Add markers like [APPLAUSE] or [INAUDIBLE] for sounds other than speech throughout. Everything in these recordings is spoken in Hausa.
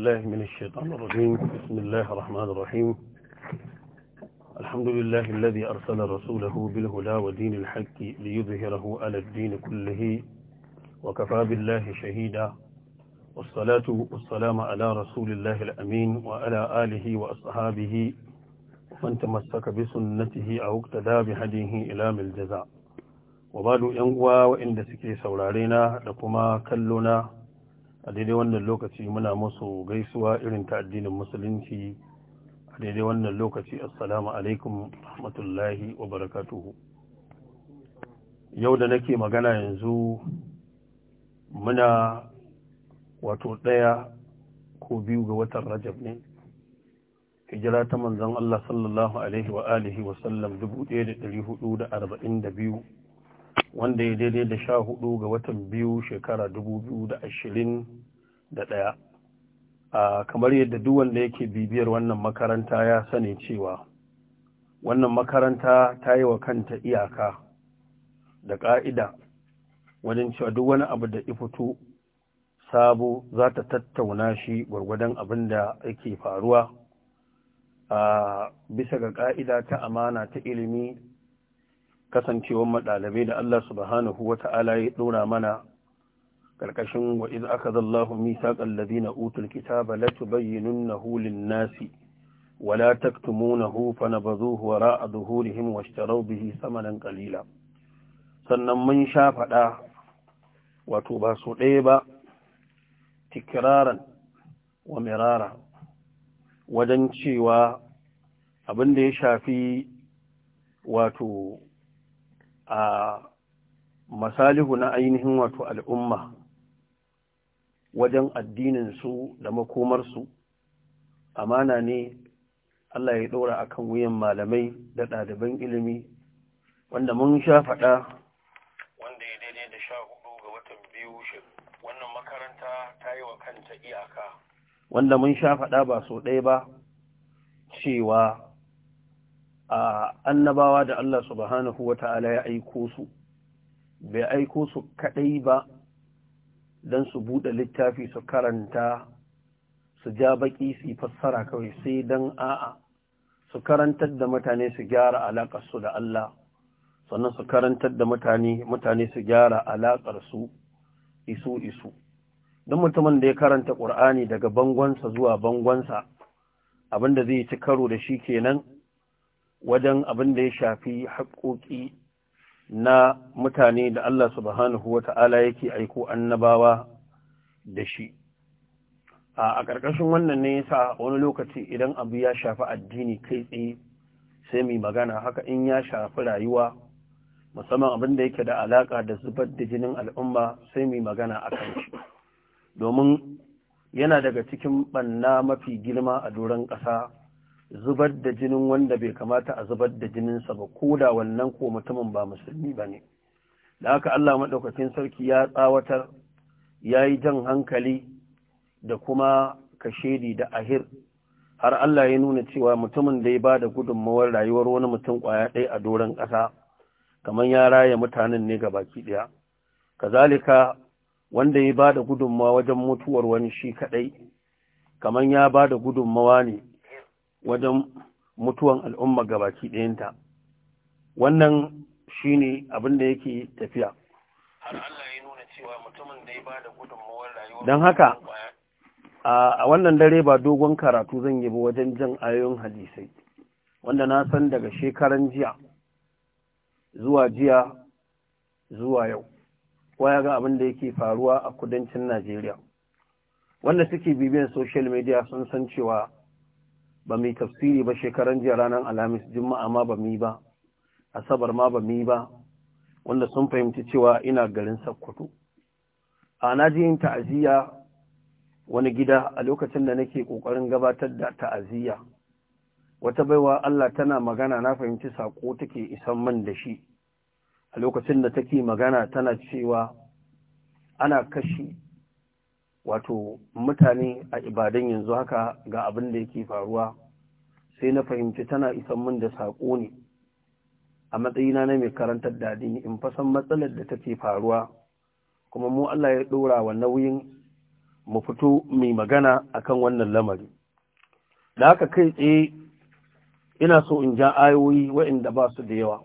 الله من الشيطان الرجيم بسم الله الرحمن الرحيم الحمد لله الذي أرسل رسوله بالهدى ودين الحق ليظهره على الدين كله وكفى بالله شهيدا والصلاة والسلام على رسول الله الأمين وعلى آله وأصحابه ومن تمسك بسنته أو اقتدى بهديه إلى الجزاء وبعد ينقوى وإن دسكي سورارينا لكما كلنا a daidai wannan lokaci muna musu gaisuwa irin ta addinin musulunci a daidai wannan lokaci assalamu alaikum rahmatullahi wa barakatuhu yau da nake magana yanzu muna wato ɗaya ko biyu ga watan rajab ne hijira ta manzon Allah sallallahu alaihi wa alihi wa sallam 1442 wanda ya daidai da sha hudu ga watan biyu shekara dubu biyu da ashirin da ɗaya kamar yadda duk wanda yake bibiyar wannan makaranta ya sani cewa wannan makaranta ta yi wa kanta iyaka da ƙa'ida wajen cewa duk wani abu da fito sabo za ta tattauna shi gwargwadon abin da yake faruwa a bisa ga ƙa'ida ta amana ta ilimi kasancewar madalibai da Allah subhanahu wata'ala ya ɗora mana ƙarƙashin wa aka akadallahu mithaqal ladina utul kitaba la na lin-nasi ولا تكتمونه فنبذوه وراء ظهورهم واشتروا به ثمنا ƙalila. sannan mun sha faɗa wato ba su ɗaya ba tikiraran wa mirara wajen cewa abin da ya shafi wato a masalihu na ainihin wato al'umma wajen addininsu da makomarsu amana ne Allah ya ɗora akan wuyan malamai da ɗaliban ilimi wanda mun sha faɗa wanda ya daidai da sha hudu ga watan biyu wannan makaranta ta yi wa kanta iyaka wanda mun sha faɗa ba so ɗaya ba cewa annabawa da Allah subhanahu wa ta'ala ya aiko su, bai aiko su kaɗai ba don su buɗe littafi su karanta su ja baƙi su yi fassara kawai sai don a'a su karantar da mutane su gyara alaƙarsu da Allah, sannan su karantar da mutane mutane su gyara su isu isu. Don mutumin da ya karanta ƙur'ani daga bangonsa zuwa bangonsa, abinda zai ci karo da shi kenan. wajen abin da ya shafi haƙoƙi na mutane da Allah subhanahu wata'ala yake aiko annabawa da shi a ƙarƙashin wannan ne ya sa wani lokaci idan abu ya shafi addini kai tsaye sai mai magana haka in ya shafi rayuwa musamman abin da yake da alaƙa da zubar da jinin al'umma sai mai magana a kan shi domin yana daga cikin ɓanna mafi girma a doron ƙasa zubar da jinin wanda bai kamata a zubar da jininsa ba ko da wannan ko mutumin ba musulmi ba ne da haka Allah maɗaukakin sarki ya tsawatar ya yi jan hankali da kuma kashedi da ahir har Allah ya nuna cewa mutumin da ya ba da gudunmawar rayuwar wani mutum kwaya ɗaya a doron ƙasa kaman ya raya mutanen ne ga baki ɗaya kazalika wanda ya ba da gudunmawa wajen mutuwar wani shi kaɗai kaman ya ba da gudunmawa ne wajen mutuwan al'umma gabaki ɗayanta wannan shine abin da yake tafiya don haka a wannan dare ba dogon karatu zan yi ba wajen jan ayoyin hadisai wanda na san daga shekaran jiya zuwa jiya zuwa yau waya ga abin da yake faruwa a kudancin Najeriya wanda suke bibiyan social media sun san cewa ba mai tafsiri ba shekaran jiya ranar alhamis juma'a ma ba mi ba asabar ma ba mi ba wanda sun fahimci cewa ina garin sakkwato a na ji yin ta'aziyya wani gida a lokacin da nake ƙoƙarin gabatar da ta'aziyya wata baiwa Allah tana magana na fahimci saƙo take isan man da shi a lokacin da take magana tana cewa ana kashi wato mutane a ibadan yanzu haka ga abin da yake faruwa sai na fahimci tana isan min da saƙo ne a matsayina na mai karantar da addini in fasan matsalar da take faruwa kuma mu Allah ya ɗora wa nauyin mu fito mai magana akan wannan lamari da haka kai tsaye ina so in ja ayoyi waɗanda ba su da yawa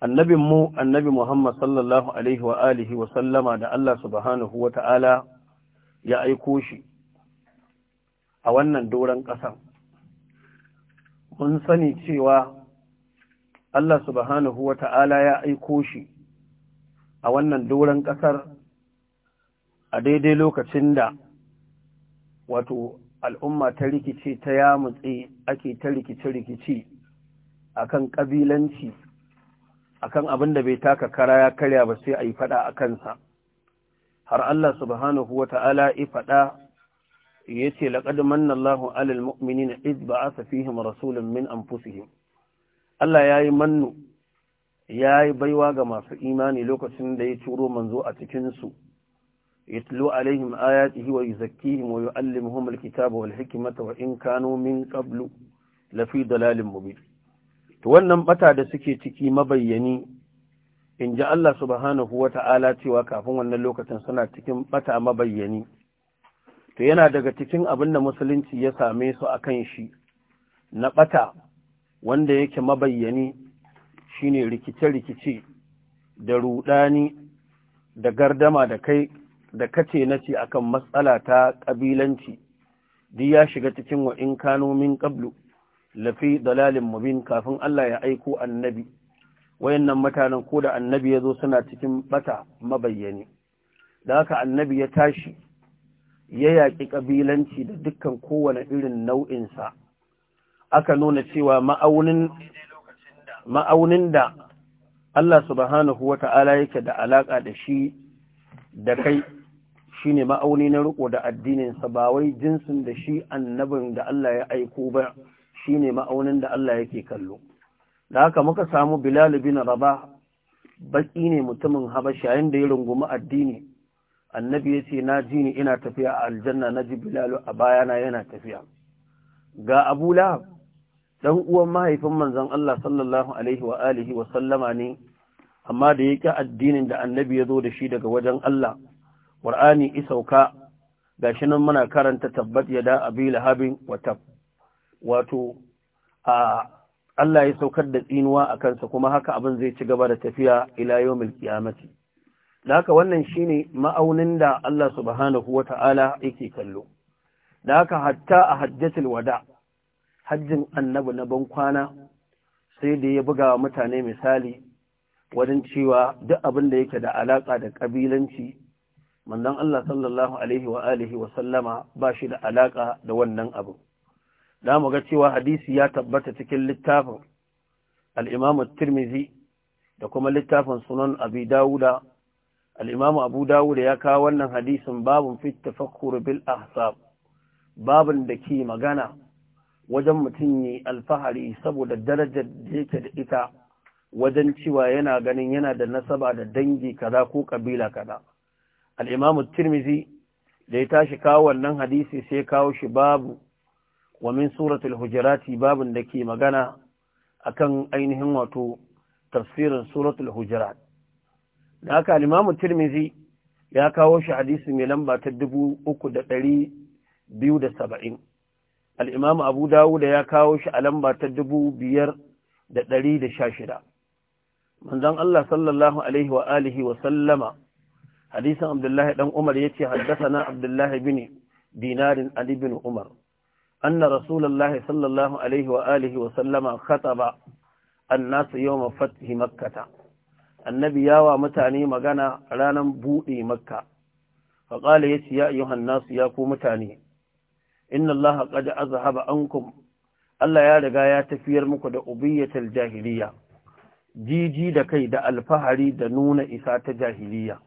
annabin mu annabi Muhammad sallallahu alaihi wa alihi wa sallama da Allah subhanahu wa ta'ala ya aiko shi a wannan doron ƙasan. Mun sani cewa Allah subhanahu wa ta'ala ya aiko shi a wannan doron ƙasar a daidai lokacin da wato al'umma ta rikice ta yamutse ake ta rikice-rikice a kan ƙabilanci a kan abin da bai taka kara ya karya ba sai a yi faɗa a kansa. har Allah subhanahu wa ta'ala ifaɗa ya ce laƙad manna Allahu alal mu'mini na iz ba a safihim rasulun min anfusihim Allah ya yi mannu ya yi baiwa ga masu imani lokacin da ya turo manzo a cikinsu yatlu alaihim ayatihi wa yuzakkihim wa yu'allimuhum alkitaba wal hikimata wa in kanu min qablu lafi dalalin mubin to wannan bata da suke ciki mabayyani in ji Allah subhanahu wa ta'ala cewa kafin wannan lokacin suna cikin bata mabayyani to yana daga cikin abin da musulunci ya same su a kan shi na bata wanda yake mabayyani ne rikice-rikice da rudani da gardama da kai da kace na ce akan matsala ta kabilanci duk ya shiga cikin wa in kano min qablu lafi dalalin mubin kafin Allah ya aiko annabi wayannan mutanen ko da annabi ya zo suna cikin bata mabayyani da haka annabi ya tashi ya yaƙi ƙabilanci da dukkan kowane irin nau'insa aka nuna cewa ma'aunin da Allah subhanahu wa ta'ala yake da alaƙa da shi da kai shi ne ma'auni na riƙo da addininsa ba wai jinsin da shi annabin da Allah ya aiko ba shi ne ma'aunin da Allah yake kallo. da haka muka samu bilal bin rabah baki ne mutumin habasha yayin da ya rungumi addini annabi yace na ji ni ina tafiya a aljanna na ji bilal a bayana yana tafiya ga abu lahab dan uwan mahaifin manzon Allah sallallahu alaihi wa alihi wa sallama ne amma da yake addinin da annabi ya zo da shi daga wajen Allah qur'ani isauka gashi nan muna karanta tabbat yada abi lahabin wa tab wato a Allah ya saukar da tsinuwa a kansa kuma haka abin zai ci gaba da tafiya ila yawmil qiyamati da haka wannan shi ne ma'aunin da Allah subhanahu wata'ala yake kallo da haka hatta a hajjatul wada hajjin annabu na ban kwana sai da ya buga mutane misali wajen cewa duk abin da yake da alaƙa da ƙabilanci, manzon Allah sallallahu alaihi wa alihi wa sallama ba shi da alaƙa da wannan abu da mu ga cewa hadisi ya tabbata cikin littafin al-Imam tirmizi da kuma littafin Sunan Abi Dawuda al Abu Dawuda ya kawo wannan hadisin babun fi tafakkur bil ahsab babun da ke magana wajen mutum yi alfahari saboda darajar da yake da ita wajen cewa yana ganin yana da nasaba da dangi kaza ko kabila kaza al-Imam Tirmidhi da ya tashi kawo wannan hadisi sai kawo shi babu wa min suratul hujurati babin da ke magana akan ainihin wato tafsirin suratul hujurat da haka limamu tirmizi ya kawo shi hadisi mai lamba ta dubu uku da ɗari biyu da saba'in al'imamu abu dawuda ya kawo shi a lamba ta dubu biyar da ɗari da sha shida manzon Allah sallallahu alaihi hadisin abdullahi ɗan umar ya ce haddasa na abdullahi bin dinarin ali bin umar أن رسول الله صلى الله عليه وآله وسلم خطب الناس يوم فتح مكة النبي ياوى متاني مغانا رانا بوئي مكة فقال يتي يا أيها الناس ياكو متاني إن الله قد أذهب أنكم Allah ya riga ya tafiyar muku da ubiyyatul jahiliya jiji da kai da alfahari da nuna isa ta jahiliya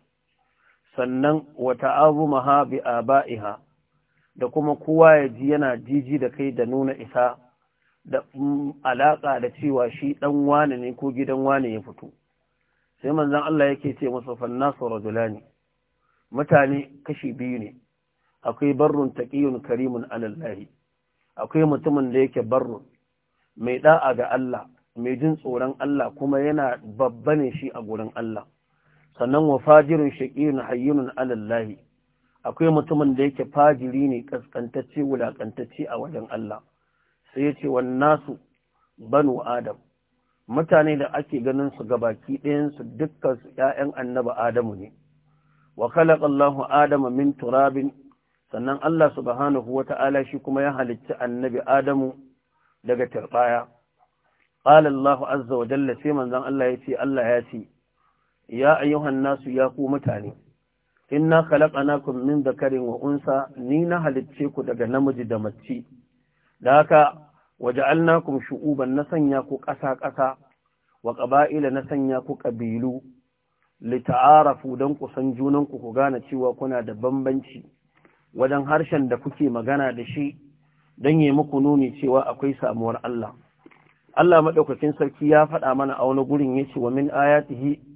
sannan wa ta'azumaha bi aba'iha da kuma kowa ya ji yana jiji da kai da nuna isa da mm, alaƙa da cewa shi ɗan wane ne ko gidan wane ya fito sai manzan Allah yake ce masa fannasu rajulani mutane kashi biyu ne akwai barrun taqiyun karimun alallahi akwai mutumin da yake barrun mai da'a ga Allah mai jin tsoron Allah kuma yana babba ne shi a gurin Allah sannan wa fajirun shaqiyun hayyunun alallahi akwai mutumin da yake fajiri ne kaskantacce wulakantacce a wajen Allah sai yace wan nasu banu adam mutane da ake ganin su ga ɗayan su dukkan su ƴaƴan annabi adamu ne wa khalaqa Allahu adama min turabin sannan Allah subhanahu wata'ala shi kuma ya halicci annabi adamu daga turbaya qala Allah azza wa jalla sai manzon Allah yace Allah ya ce ya ayyuhan nasu ya ku mutane inna khalaqnakum min dhakarin wa unsa ni na halicce ku daga namiji da mace da haka waja'alnakum shu'uban na sanya ku ƙasa-ƙasa wa qaba'ila na sanya ku ƙabilu lita'arafu dan ku san junan ku ku gane cewa kuna da bambanci wajen harshen da kuke magana da shi dan yi muku nuni cewa akwai samuwar Allah Allah madaukakin sarki ya faɗa mana a wani gurin yace wa min ayatihi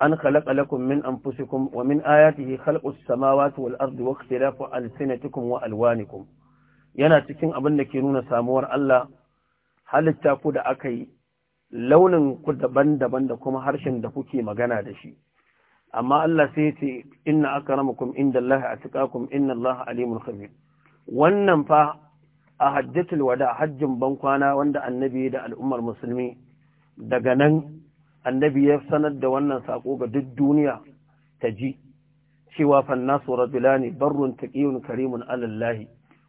an khalaqa lakum min anfusikum wa min ayatihi khalqus samawati wal ardi wa ikhtilafu alsinatikum wa alwanikum yana cikin abin da ke nuna samuwar Allah halitta ku da aka yi launin ku daban-daban da kuma harshen da kuke magana da shi amma Allah sai ce inna akramakum indallahi atqakum inna Allah alimul khabir wannan fa a hajjatul wada hajjin bankwana wanda annabi da al'ummar musulmi daga nan annabi ya sanar da wannan sako ga duk duniya ta ji cewa fannasu rajulani barrun taqiyun karimun alallahi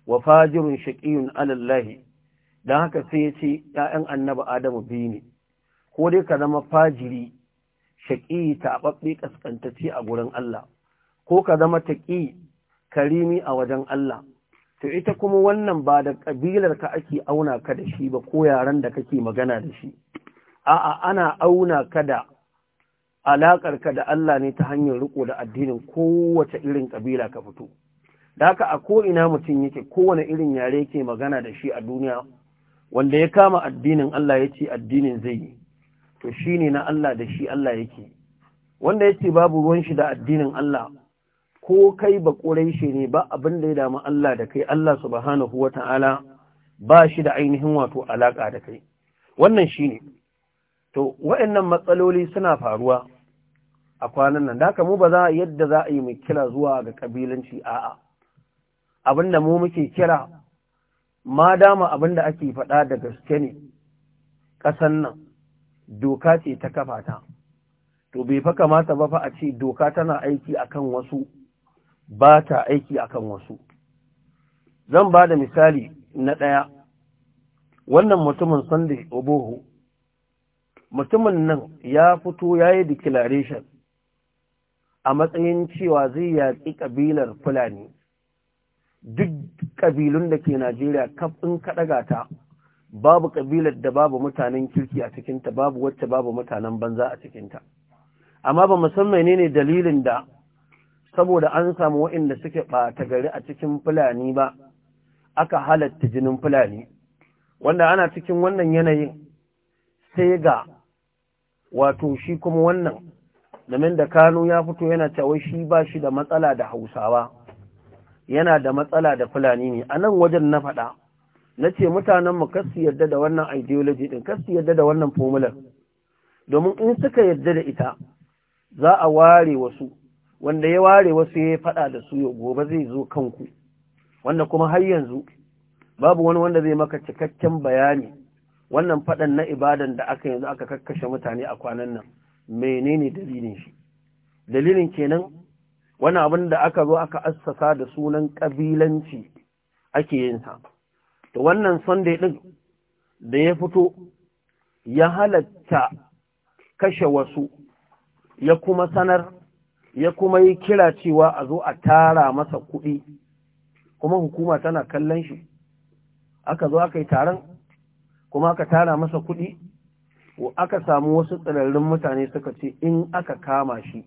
wa fajirun shaqiyun alallahi dan haka sai ya ce 'ya'yan annabi adamu biyu ne ko dai ka zama fajiri ta taɓaɓɓe kaskantacce a gurin Allah ko ka zama taƙi karimi a wajen Allah to ita kuma wannan ba da kabilar ka ake auna ka da shi ba ko yaran da kake magana da shi a'a ana auna ka da alaƙarka da Allah ne ta hanyar riko da addinin kowace irin ƙabila ka fito. Da haka a ko'ina mutum yake kowane irin yare yake magana da shi a duniya, wanda ya kama addinin Allah ya ce addinin zai yi, to shi ne na Allah da shi Allah yake. Wanda ya ce babu ruwan shi da addinin Allah, ko kai ba shi ne ba abin da ya damu Allah da kai Allah subhanahu wa ta'ala ba shi da ainihin wato alaƙa da kai. Wannan shi ne. to waɗannan matsaloli suna faruwa a kwanan nan da mu ba za a yadda za a yi mai kira zuwa ga kabilanci a'a abinda mu muke kira ma dama abinda ake faɗa da gaske ne ƙasan nan doka ce ta kafa ta to bai fa kamata ba fa a ce doka tana aiki akan wasu ba ta aiki akan wasu zan ba da misali na ɗaya wannan mutumin sunday oboho mutumin nan ya fito ya yi declaration a matsayin cewa zai yaƙi ƙabilar fulani duk ƙabilun da ke najeriya kafin kaɗagata ta babu ƙabilar da babu mutanen kirki a cikinta babu wacce babu mutanen banza a cikinta amma ba musamman ne ne dalilin da saboda an samu waɗanda suke ɓata gari a cikin fulani ba aka halatta jinin fulani wanda ana cikin wannan yanayin sai ga wato shi kuma wannan domin da Kano ya fito yana cewa shi ba shi da matsala da Hausawa yana da matsala da Fulani ne a nan wajen na faɗa na ce mutanen mu kasu yadda da wannan ideology din kasu yadda da wannan formular domin in suka yarda da ita za a ware wasu wanda ya ware wasu ya faɗa da su gobe zai zo kanku wanda kuma har yanzu babu wani wanda zai maka cikakken bayani wannan faɗan na ibadan da aka yanzu aka kakkashe mutane a kwanan nan menene dalilin shi dalilin kenan wani abin da aka zo aka assasa da sunan kabilanci ake yin sa to wannan sunday din da ya fito ya halatta kashe wasu ya kuma sanar ya kuma yi kira cewa a zo a tara masa kuɗi kuma hukuma tana kallon shi aka zo aka yi taron kuma ka tara masa kuɗi aka samu wasu tsirarrun mutane suka ce in aka kama shi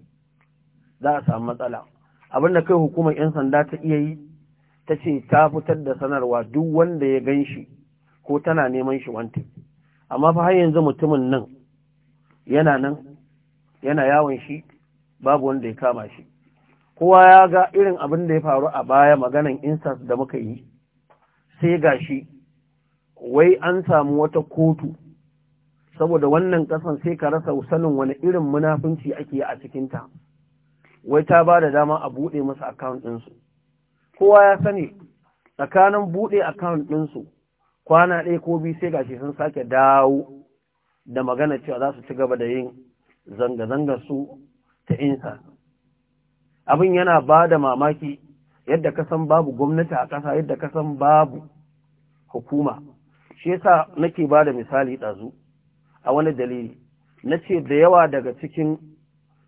za a samu matsala Abin da kai hukumar 'yan sanda ta iya yi ta ce ta fitar da sanarwa duk wanda ya gan shi ko tana neman shi wanti. amma fa har yanzu mutumin nan yana nan yana yawon shi babu wanda ya kama shi kowa ya ga irin abin da ya faru a baya maganan insas da muka yi sai ga shi wai an samu wata kotu saboda wannan kasan sai ka rasa sanin wani irin munafunci ake a cikinta wai ta ba da dama a buɗe musu akawun ɗinsu kowa ya sani tsakanin buɗe akawun ɗinsu kwana ɗaya ko biyu sai gashi sun sake dawo da magana cewa za su ci gaba da yin zanga-zanga su ta insa abin yana ba da mamaki yadda kasan babu gwamnati a ƙasa yadda kasan babu hukuma shi yasa nake ba da misali ɗazu a wani dalili na ce da yawa daga cikin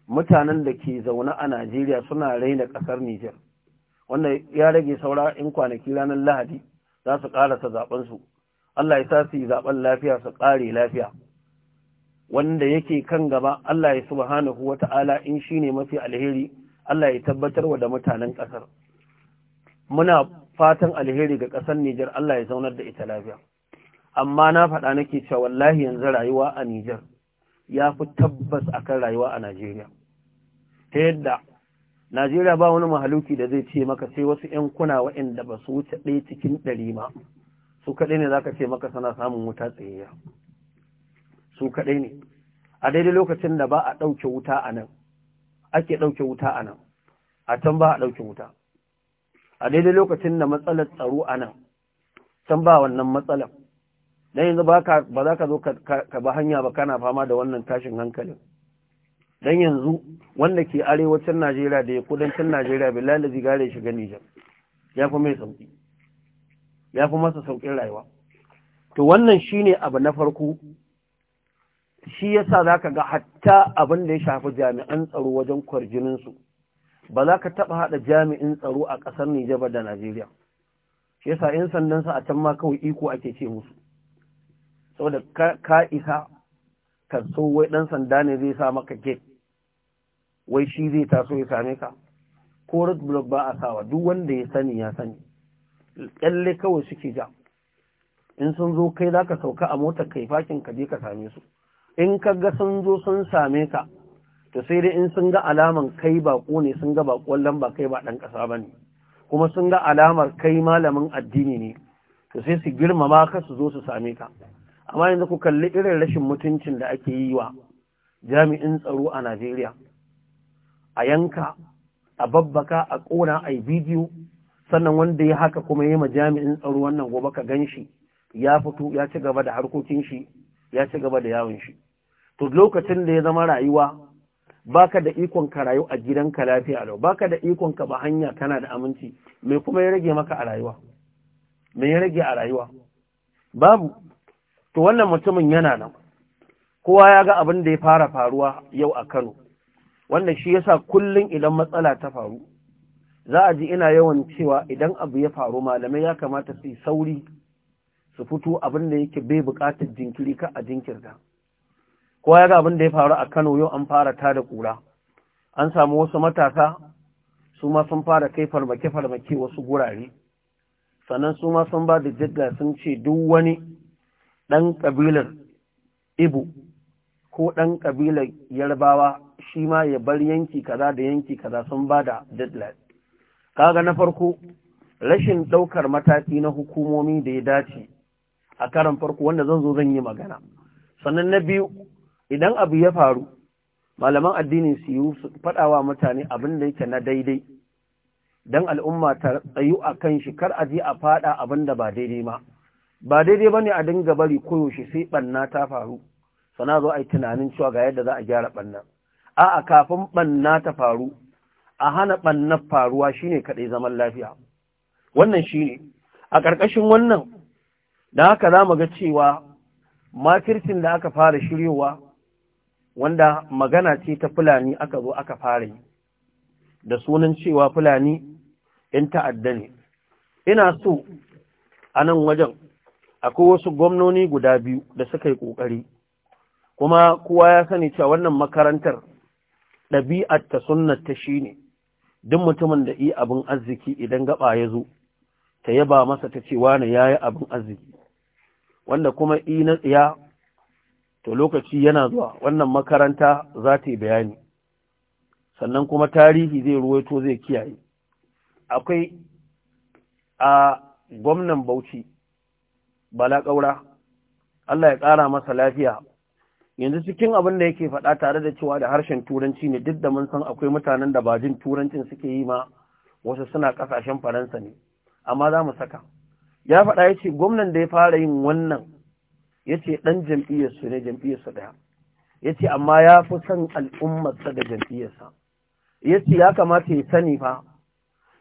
mutanen da ke zaune a Najeriya suna raina ƙasar Nijar wanda ya rage saura in kwanaki ranar Lahadi za su ƙarasa zaɓensu Allah ya sa su yi zaɓen lafiya su ƙare lafiya wanda yake kan gaba Allah ya subhanahu wa ta'ala in shi ne mafi alheri Allah ya tabbatar wa da mutanen ƙasar muna fatan alheri ga ƙasar Nijar Allah ya zaunar da ita lafiya amma na faɗa nake cewa wallahi yanzu rayuwa a Nijar ya fi tabbas akan rayuwa a Najeriya ta yadda Najeriya ba wani mahaluki da zai ce maka sai wasu ‘yan kuna waɗanda ba su wuce ɗaya cikin ɗari ma, su kaɗai ne za ka ce maka sana samun wuta tsayayya. Su kaɗai ne, a daidai lokacin da ba a ɗauke wuta a nan, ake ɗauke wuta a nan, a can ba a ɗauke wuta. A daidai lokacin da matsalar tsaro a nan, can ba wannan matsalar. dan yanzu ba za ka zo ka ba hanya ba kana fama da wannan tashin hankalin dan yanzu wanda ke arewacin Najeriya da ya kudancin Najeriya bilal zai gare shi ga Nijar ya fi mai sauki ya fi masa saukin rayuwa to wannan shine abu na farko shi yasa zaka ga hatta abin da ya shafi jami'an tsaro wajen kwarjininsu? su ba za ka taba hada jami'in tsaro a ƙasar Nijar da Najeriya shi yasa in sandan sa a can ma kawai iko ake ce musu saboda ka isa ka so wai ɗan sanda ne zai sa maka gate wai shi zai taso ya same ka ko roadblock ba a sawa duk wanda ya sani ya sani ƙyalle kawai suke ja in sun zo kai za ka sauka a motar kai fakin ka je ka same su in ka ga sun zo sun same ka to sai dai in sun ga alaman kai bako ne sun ga bakon lamba kai ba dan kasa bane kuma sun ga alamar kai malamin addini ne to sai su girmama ka su zo su same ka amma yanzu ku kalli irin rashin mutuncin da ake yi wa jami'in tsaro a Najeriya a yanka a babbaka a ƙona a bidiyo sannan wanda ya haka kuma yi ma jami'in tsaro wannan gobe ka gan shi ya fito ya ci gaba da harkokin shi ya ci gaba da yawon shi to lokacin da ya zama rayuwa baka da ikon ka rayu a gidanka lafiya lau baka da ikon ka ba hanya kana da aminci me kuma ya rage maka a rayuwa me ya rage a rayuwa babu to wannan mutumin yana nan kowa ya ga abin da ya fara faruwa yau a Kano wanda shi yasa kullun idan matsala ta faru za a ji ina yawan cewa idan abu ya faru malamai ya kamata su sauri su fito abin da yake bai buƙatar jinkiri ka a jinkirta kowa ya ga abin da ya faru a Kano yau an fara tada da kura an samu wasu matasa su ma sun fara kai farmake farmake wasu gurare sannan su ma sun ba da jidda sun ce duk wani ɗan ƙabilar ibo ko ɗan ƙabilar yarbawa shi ma ya bar yanki kaza da yanki kaza sun ba da deadline kaga na farko rashin ɗaukar mataki na hukumomi da ya dace a karan farko wanda zan zo zan yi magana sannan na biyu idan abu ya faru malaman addinin su yi faɗawa mutane abin da yake na daidai dan al'umma ta tsayu a kan shi kar a je a faɗa abin da ba daidai ma ba daidai ba ne a dinga bari koyaushe sai ɓanna ta faru sana zo a yi tunanin cewa ga yadda za a gyara ɓanna a'a kafin ɓanna ta faru a hana ɓannar faruwa shine kaɗai zaman lafiya wannan shi ne. a ƙarƙashin wannan da haka za mu ga cewa makircin da aka fara shiryowa wanda magana ce ta fulani aka zo aka fara yi da sunan cewa fulani ‘yan ta'adda ne ina so a nan wajen akwai wasu gwamnoni guda biyu da suka yi ƙoƙari kuma kowa ya sani cewa wannan makarantar ɗabi'ar ta sunnar ta shi ne duk mutumin da iya abin arziki idan gaba ya zo ta yaba masa ta ce wani ya yi abin arziki wanda kuma i na tsiya to lokaci yana zuwa wannan makaranta za ta yi bayani sannan kuma tarihi zai ruwaito zai kiyaye akwai a gwamnan bauchi bala ƙaura Allah ya ƙara masa lafiya yanzu cikin abin da yake faɗa tare da cewa da harshen turanci ne duk da mun san akwai mutanen da ba jin turancin suke yi ma wasu suna ƙasashen faransa ne amma za mu saka ya faɗa ya ce gwamnan da ya fara yin wannan ya ce ɗan jam'iyyarsu ne jam'iyyarsu ɗaya ya ce amma ya fi son al'ummarsa da jam'iyyarsa ya ce ya kamata ya sani fa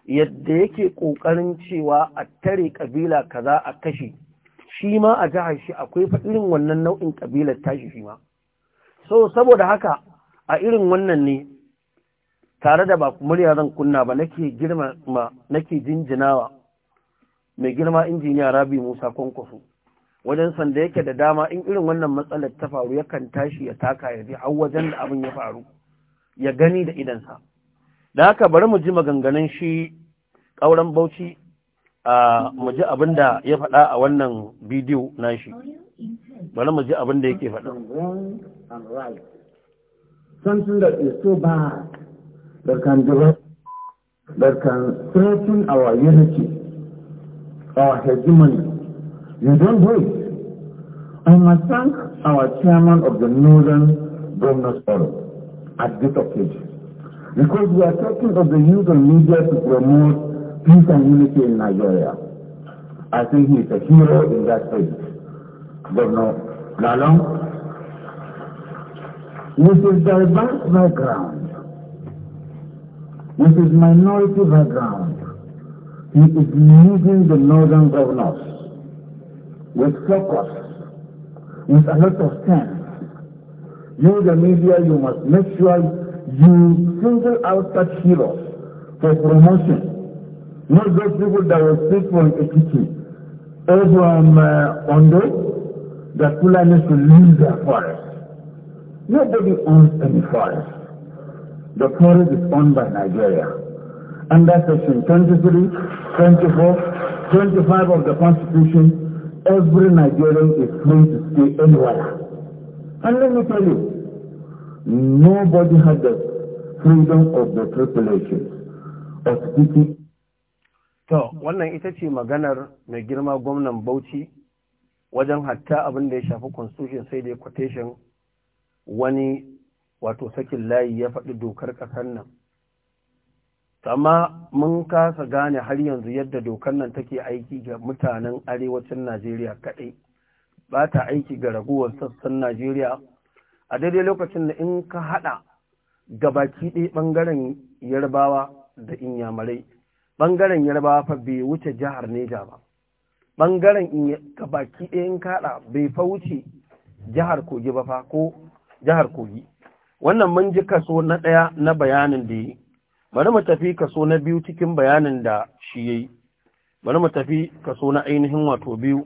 yadda yake ƙoƙarin cewa a tare ƙabila kaza a kashe shi ma a jihar shi akwai irin wannan nau'in ƙabilar tashi shi ma so saboda haka a irin wannan ne tare da ba murya zan kunna ba nake girma nake jinjinawa mai girma injiniya rabi musa kwankwaso wajen sanda yake da dama in irin wannan matsalar ta faru yakan tashi ya taka ya bi har wajen da abin ya faru ya gani da idansa da haka bari mu ji maganganun shi ƙauren bauchi mu ji abin da ya faɗa a wannan bidiyo nashi bari mu ji abin da yake faɗa something that is so bad that can direct, that can threaten our unity our hegemony you don't do it I must thank our chairman of the Northern Governors Forum at this occasion because we are talking of the use of media to promote peace and unity in Nigeria. I think he is a hero in that sense, Governor Lalong, which is diverse background, which is minority background, he is leading the northern governors with focus, with a lot of sense. You, the media, you must make sure you single out such heroes for promotion Not those people that were sick from Ekiti, or from uh, Ondo, that Fulani to leave their forest. Nobody owns any forest. The forest is owned by Nigeria. Under Section 23, 24, 25 of the Constitution, every Nigerian is free to stay anywhere. And let me tell you, nobody had the freedom of the tribulation of speaking To, wannan ita ce maganar mai girma gwamnan Bauchi wajen hatta abin da ya shafi constitution sai da quotation wani wato sakin layi ya faɗi dokar ƙasar nan. Amma mun kasa gane har yanzu yadda dokar nan take aiki ga mutanen arewacin Najeriya kaɗai, ba ta aiki ga raguwar sassan Najeriya a daidai lokacin da in ka haɗa ga baki ɗaya ɓangaren yarbawa da inyamurai. ɓangaren yarbawa fa bai wuce jihar neja ba ɓangaren baki ɗaya in kaɗa bai fa wuce jihar kogi ba fa ko jihar kogi wannan mun ji kaso na ɗaya na bayanin da yi bari mu tafi kaso na biyu cikin bayanin da shi ya yi bari mu tafi kaso na ainihin wato biyu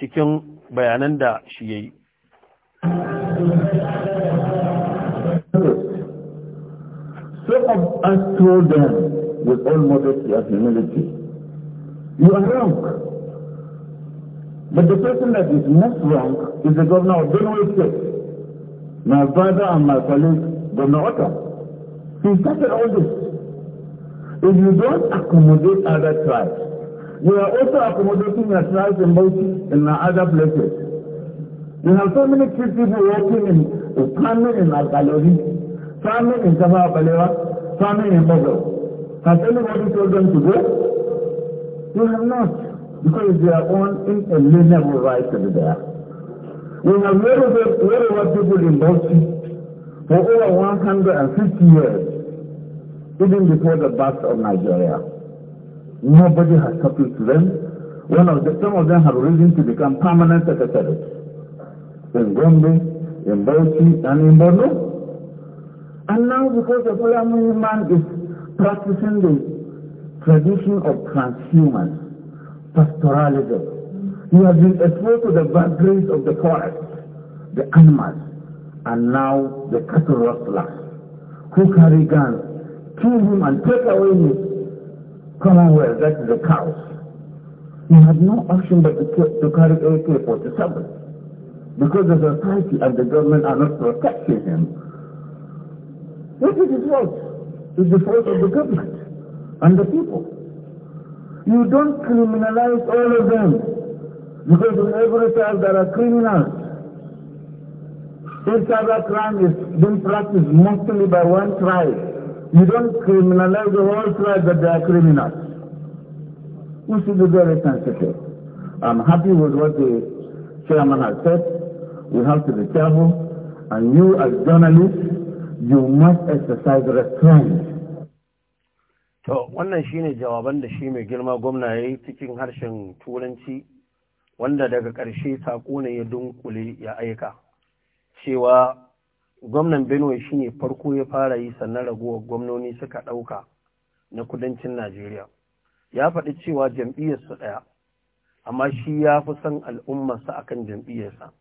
cikin bayanan da shi ya yi Some of us told them with all modesty and humility. You are wrong. But the person that is most wrong is the governor of Benue State, my father and my colleague, Governor Otto. He started all this. If you don't accommodate other tribes, you are also accommodating your tribes in both in other places. You have so many tree people working in farming in Alkalori, farming in Kaba Balewa, farming in Bogo. Has anybody told them to go? They have not, because they are on inalienable rights over there. We have railroaded people in Bauchi for over 150 years, even before the birth of Nigeria. Nobody has talked to them. One of the, some of them have risen to become permanent secretaries in Gombe, in Bauchi, and in Borno. And now because the Fulani man is practicing the tradition of transhumance, pastoralism. You have been exposed to the vagaries of the forest, the animals, and now the cattle rustlers who carry guns, kill him and take away his commonwealth, that is the cows. You have no option but to, to carry AK-47 because the society and the government are not protecting him. This is his fault is the fault of the government and the people. You don't criminalize all of them because in every child there are criminals. If cyber crime is being practiced mostly by one tribe, you don't criminalize the whole tribe that they are criminals. We should be very sensitive. I'm happy with what the chairman has said. We have to be careful. And you as journalists, you must exercise restraint to wannan shine jawaban da shi mai girma gwamna yayi cikin harshen turanci wanda daga ƙarshe sako ne ya dunkule ya aika cewa gwamnan Benue shine farko ya fara yi sannan ragowar gwamnoni suka ɗauka na kudancin Najeriya ya faɗi cewa jam'iyyarsa ɗaya amma shi ya fi son al'ummarsa akan jam'iyyarsa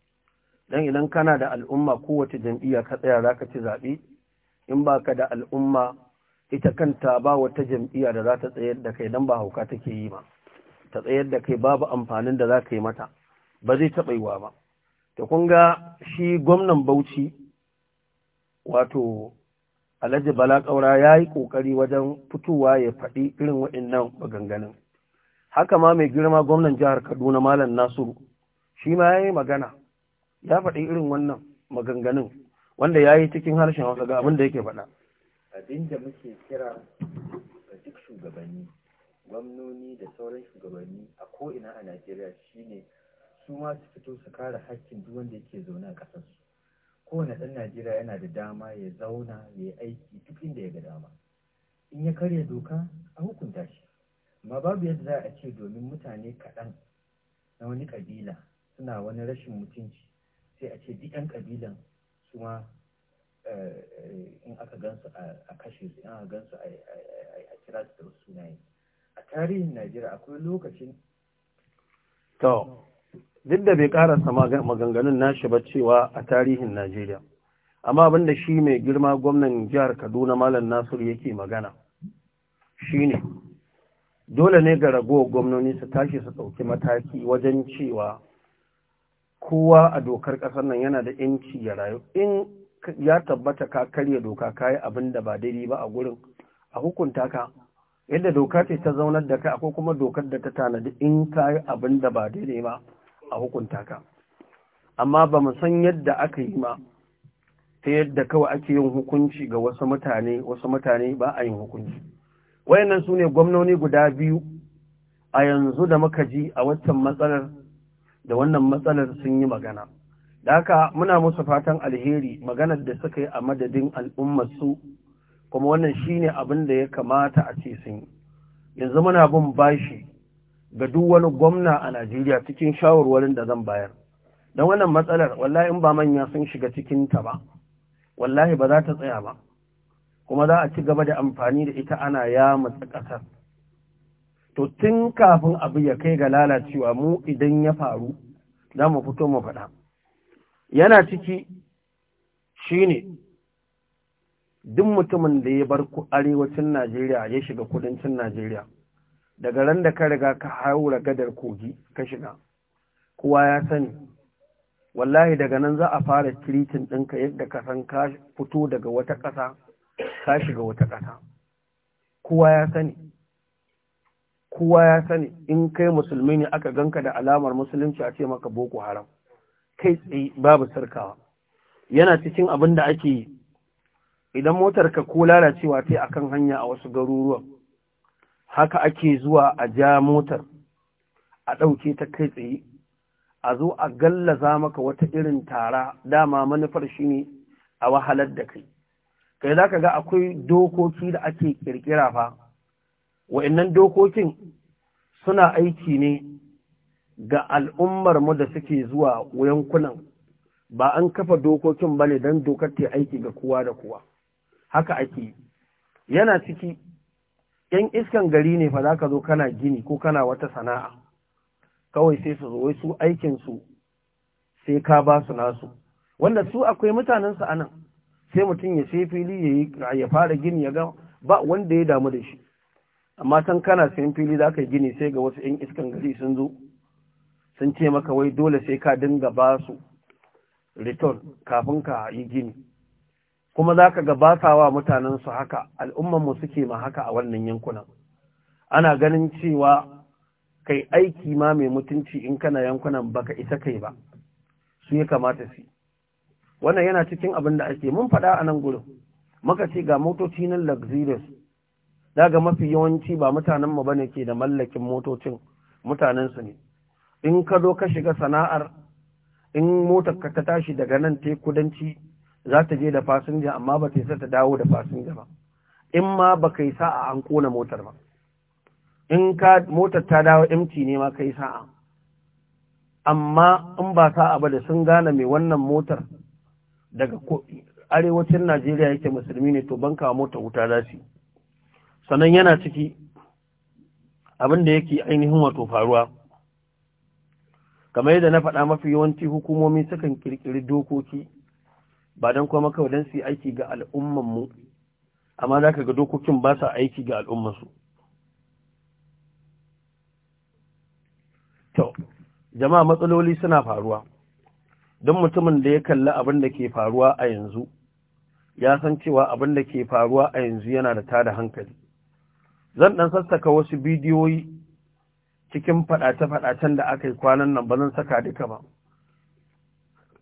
don idan kana da al'umma kowace jam'iyya ka tsaya za ka ci zaɓe in ba ka da al'umma ita kanta ba wata jam'iyya da za ta tsayar da kai dan ba hauka take yi ba ta tsayar da kai babu amfanin da za ka yi mata ba zai taɓa yiwa ba ta kunga shi gwamnan bauchi wato alhaji bala ƙaura ya yi ƙoƙari wajen fitowa ya faɗi irin waɗannan maganganun haka ma mai girma gwamnan jihar kaduna malam nasiru shi ma ya yi magana ya faɗi irin wannan maganganun wanda ya yi cikin harshen wasu ga abin da yake faɗa abinda muke kira ga duk shugabanni gwamnoni da sauran shugabanni a ko'ina a najeriya shine su ma su fito su kare hakkin duk wanda yake zaune a ƙasarsu kowane ɗan najeriya yana da dama ya zauna ya aiki duk inda ya ga dama in ya karya doka a hukunta shi amma babu yadda za a ce domin mutane kaɗan na wani ƙabila suna wani rashin mutunci sai a ce duk 'yan ƙabilan kuma eh, in aka gansu a kashe su in aka gansu a kira su da wasu sunaye a tarihin najeriya akwai lokacin to duk da bai karasa maganganun nashi ba cewa a tarihin najeriya amma abinda shi mai girma gwamnan jihar kaduna malam nasiru yake magana shine dole ne ga ragowar gwamnoni su tashi su ɗauki mataki wajen cewa kowa a dokar ƙasar nan yana da ‘yanci ya rayu in ya tabbata ka karya doka ka yi abin da ba daidai ba a gurin a hukunta ka yadda doka ce ta zaunar da kai akwai kuma dokar da ta tanadi in ka yi abin da ba daidai ba a hukunta ka amma ba mu san yadda aka yi ma ta yadda kawai ake yin hukunci ga wasu mutane wasu mutane ba a yin hukunci wayannan su ne gwamnoni guda biyu a yanzu da muka ji a waccan matsalar da wannan matsalar sun yi magana da haka muna musu fatan alheri maganar da suka yi a madadin al'ummarsu kuma wannan shi ne abin da ya kamata a ce sun yi yanzu muna bin bashi ga duk wani gwamna a Najeriya cikin shawarwarin da zan bayar don wannan matsalar wallahi in ba manya sun shiga cikin ta ba wallahi ba za ta tsaya ba kuma za a ci gaba da amfani da ita ana yamata ƙasar to tun kafin abu ya kai ga lalacewa mu idan ya faru za mu fito mu faɗa yana ciki shi ne duk mutumin da ya bar arewacin Najeriya ya shiga kudancin Najeriya daga ran da ka riga ka haura gadar kogi ka shiga kowa ya sani wallahi daga nan za a fara tiritin ɗinka yadda ka san ka fito daga wata ƙasa ka shiga wata ƙasa kowa ya sani kowa ya sani in kai musulmi ne aka ganka da alamar musulunci a ce maka boko haram kai tsaye babu sarkawa yana cikin abin da ake yi idan motar ka ko lalacewa ta akan hanya a wasu garuruwan haka ake zuwa a ja motar a ɗauke ta kai tsaye a zo a gallaza maka wata irin tara dama manufar shi ne a wahalar da kai kai za ka ga akwai dokoki da ake kirkira fa wa'annan dokokin suna aiki ne ga al'ummar mu da suke zuwa yankunan ba an kafa dokokin ba ne don dokar ta aiki ga kowa da kowa haka ake yana ciki ‘yan iskan gari ne fa za ka zo kana gini ko kana wata sana'a kawai sai su zo su aikinsu sai ka ba su nasu wanda su akwai mutanensu anan sai mutum ya sai fili ya fara gini ya ga ba wanda ya damu da shi amma san kana siyan fili za ka yi gini sai ga wasu 'yan iskan gari sun zo sun ce maka wai dole sai ka dinga ba su return kafin ka yi gini kuma za ka ga basawa su haka al'ummanmu suke ma haka a wannan yankunan ana ganin cewa kai aiki ma mai mutunci in kana yankunan baka isa kai ba su ya kamata su wannan yana cikin abin da ake mun faɗa a nan gurin muka ce ga motoci na luxurious daga mafi yawanci ba mutanen mu bane ke da mallakin motocin mutanensu ne in ka zo ka shiga sana'ar in motar ka ta tashi daga nan ta kudanci za ta je da fasinja amma ba ta isa ta dawo da fasinja ba in ma ba kai sa'a an kona motar ba in ka motar ta dawo empty ne ma kai sa'a amma in ba sa'a ba da sun gane mai wannan motar daga arewacin Najeriya yake musulmi ne to banka mota wuta za su yi sannan yana ciki abin da yake ainihin wato faruwa kamar yadda na faɗa mafi yawanci hukumomi sukan kirkiri dokoki ba don kuma kawai don su yi aiki ga al'ummanmu amma za ka ga dokokin ba sa aiki ga al'ummansu to jama'a matsaloli suna faruwa don mutumin da ya kalli abin da ke faruwa a yanzu ya san cewa abin da ke faruwa a yanzu yana da tada hankali zan ɗan sassaka wasu bidiyoyi cikin faɗace-faɗacen da aka yi kwanan nan ba zan saka duka ba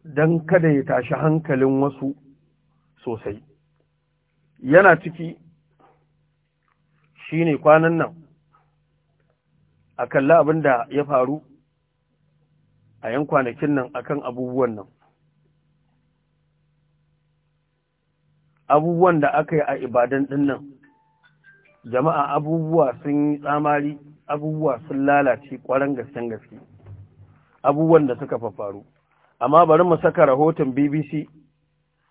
don kada ya tashi hankalin wasu sosai yana ciki shine kwanan nan a kalla abin da ya faru a yan kwanakin nan akan abubuwan nan abubuwan da aka yi a ibadan ɗin nan jama'a abubuwa sun yi tsamari abubuwa sun lalace kwaran gasken gaske abubuwan da suka faru amma bari mu saka rahoton BBC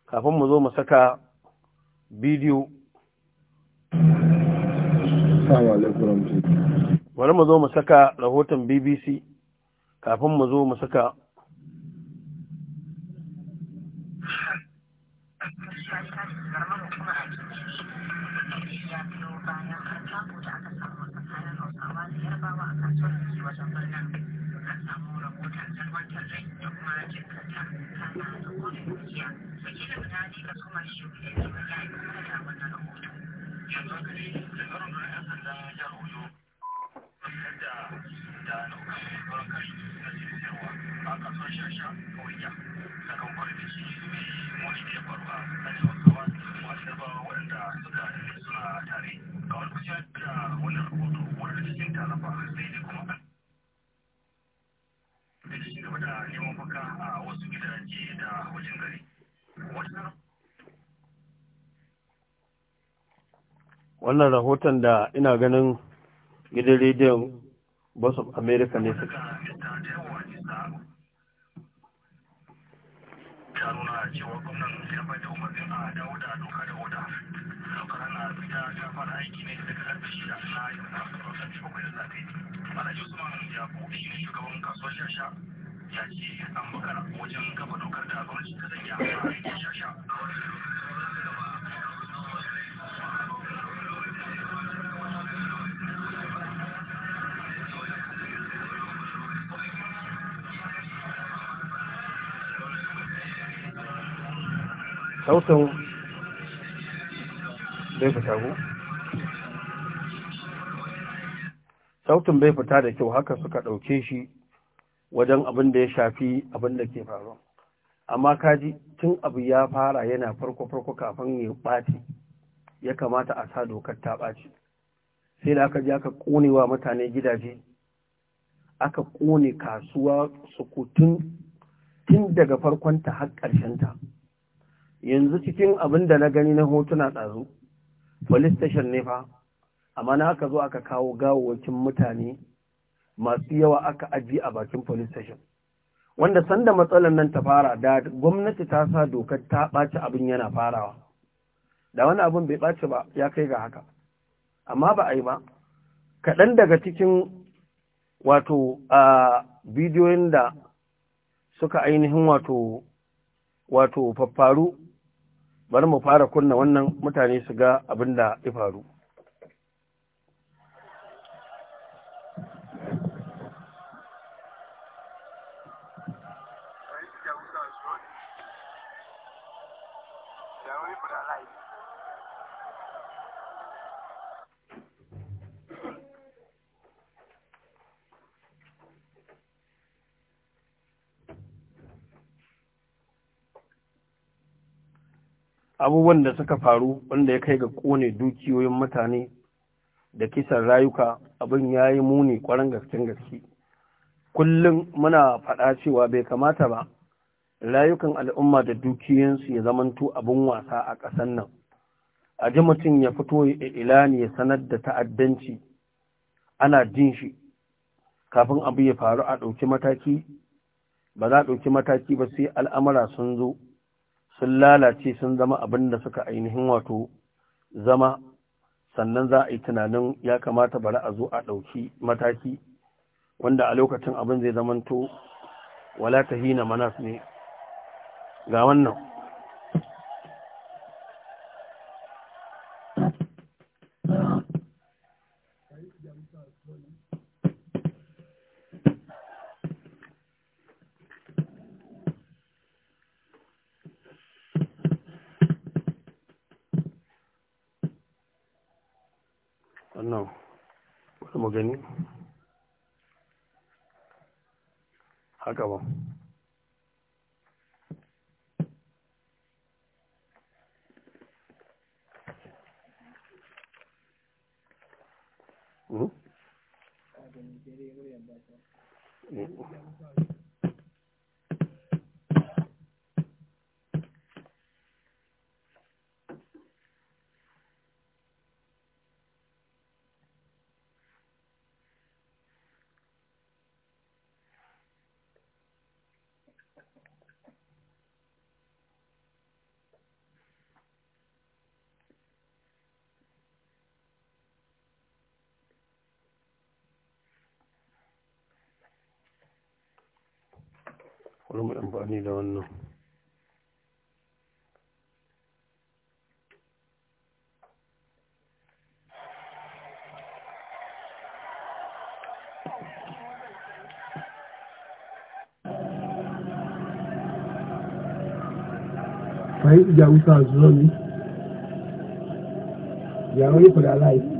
kafin mu zo mu saka bidiyo bari mu zo mu saka rahoton BBC kafin mu zo mu saka a kasuwar da ke wajen birnin an samu rahoton salwantar rai da kuma rajin da kone dukiya wakilin ta ne kuma ya da wannan yanzu haka ne da sanda ya da na jirgin ruwa a kasuwar shasha kawai da a wasu gidaje da wajen wannan rahoton da ina ganin gidan rediyon boss of america ne suka ta nuna cewa gwamnan ya bada umarnin a dawo da doka da oda suka hana fita ta fara aiki ne daga karfe shida na yau na karfe bakwai da safe alhaji usman ya buɗe ne shugaban kasuwar shasha ya ce an bakara wajen kafa dokar da gwamnati ta sanya a aikin shasha sautin bai fita ko? sautin bai fita da kyau haka suka ɗauke shi wajen abin da ya shafi abin da ke faruwa amma kaji tun abu ya fara yana farko-farko kafin ya ɓaci ya kamata a sa dokar ta ɓaci sai da aka ji aka ƙonewa mutane gidaje aka ƙone kasuwa sukutun tun daga farkonta har ƙarshenta yanzu cikin abin da na gani na hotuna ɗazu police station ne fa amma na aka zo aka kawo gawowacin mutane masu yawa aka ajiye a bakin police station wanda sanda matsalar nan ta fara da gwamnati ta sa dokar ta ɓaci abin yana farawa da wani abin bai ɓaci ba ya kai ga haka amma ba a yi ba kaɗan daga cikin wato a bidiyoyin da suka ainihin wato wato faffaru bari mu fara kunna wannan mutane su ga abin da ya faru abubuwan da suka faru wanda ya kai ga kone dukiyoyin mutane da kisan rayuka abin ya yi muni kwarin gaskin gaske kullum muna faɗa cewa bai kamata ba rayukan al'umma da dukiyoyinsu ya zamanto abin wasa a ƙasan nan a ji mutum ya fito ya ilani ya sanar da ta'addanci ana jin shi kafin abu ya faru a ɗauki mataki ba za a ɗauki mataki ba sai al'amura sun zo sun lalace sun zama abin da suka ainihin wato zama sannan za a yi tunanin ya kamata bari a zo a ɗauki mataki wanda a lokacin abin zai zamanto wala ta hina manas ne ga wannan gaba wani mai amfani da wannan fahimta jawusa zuwa ne yawon yi kula layi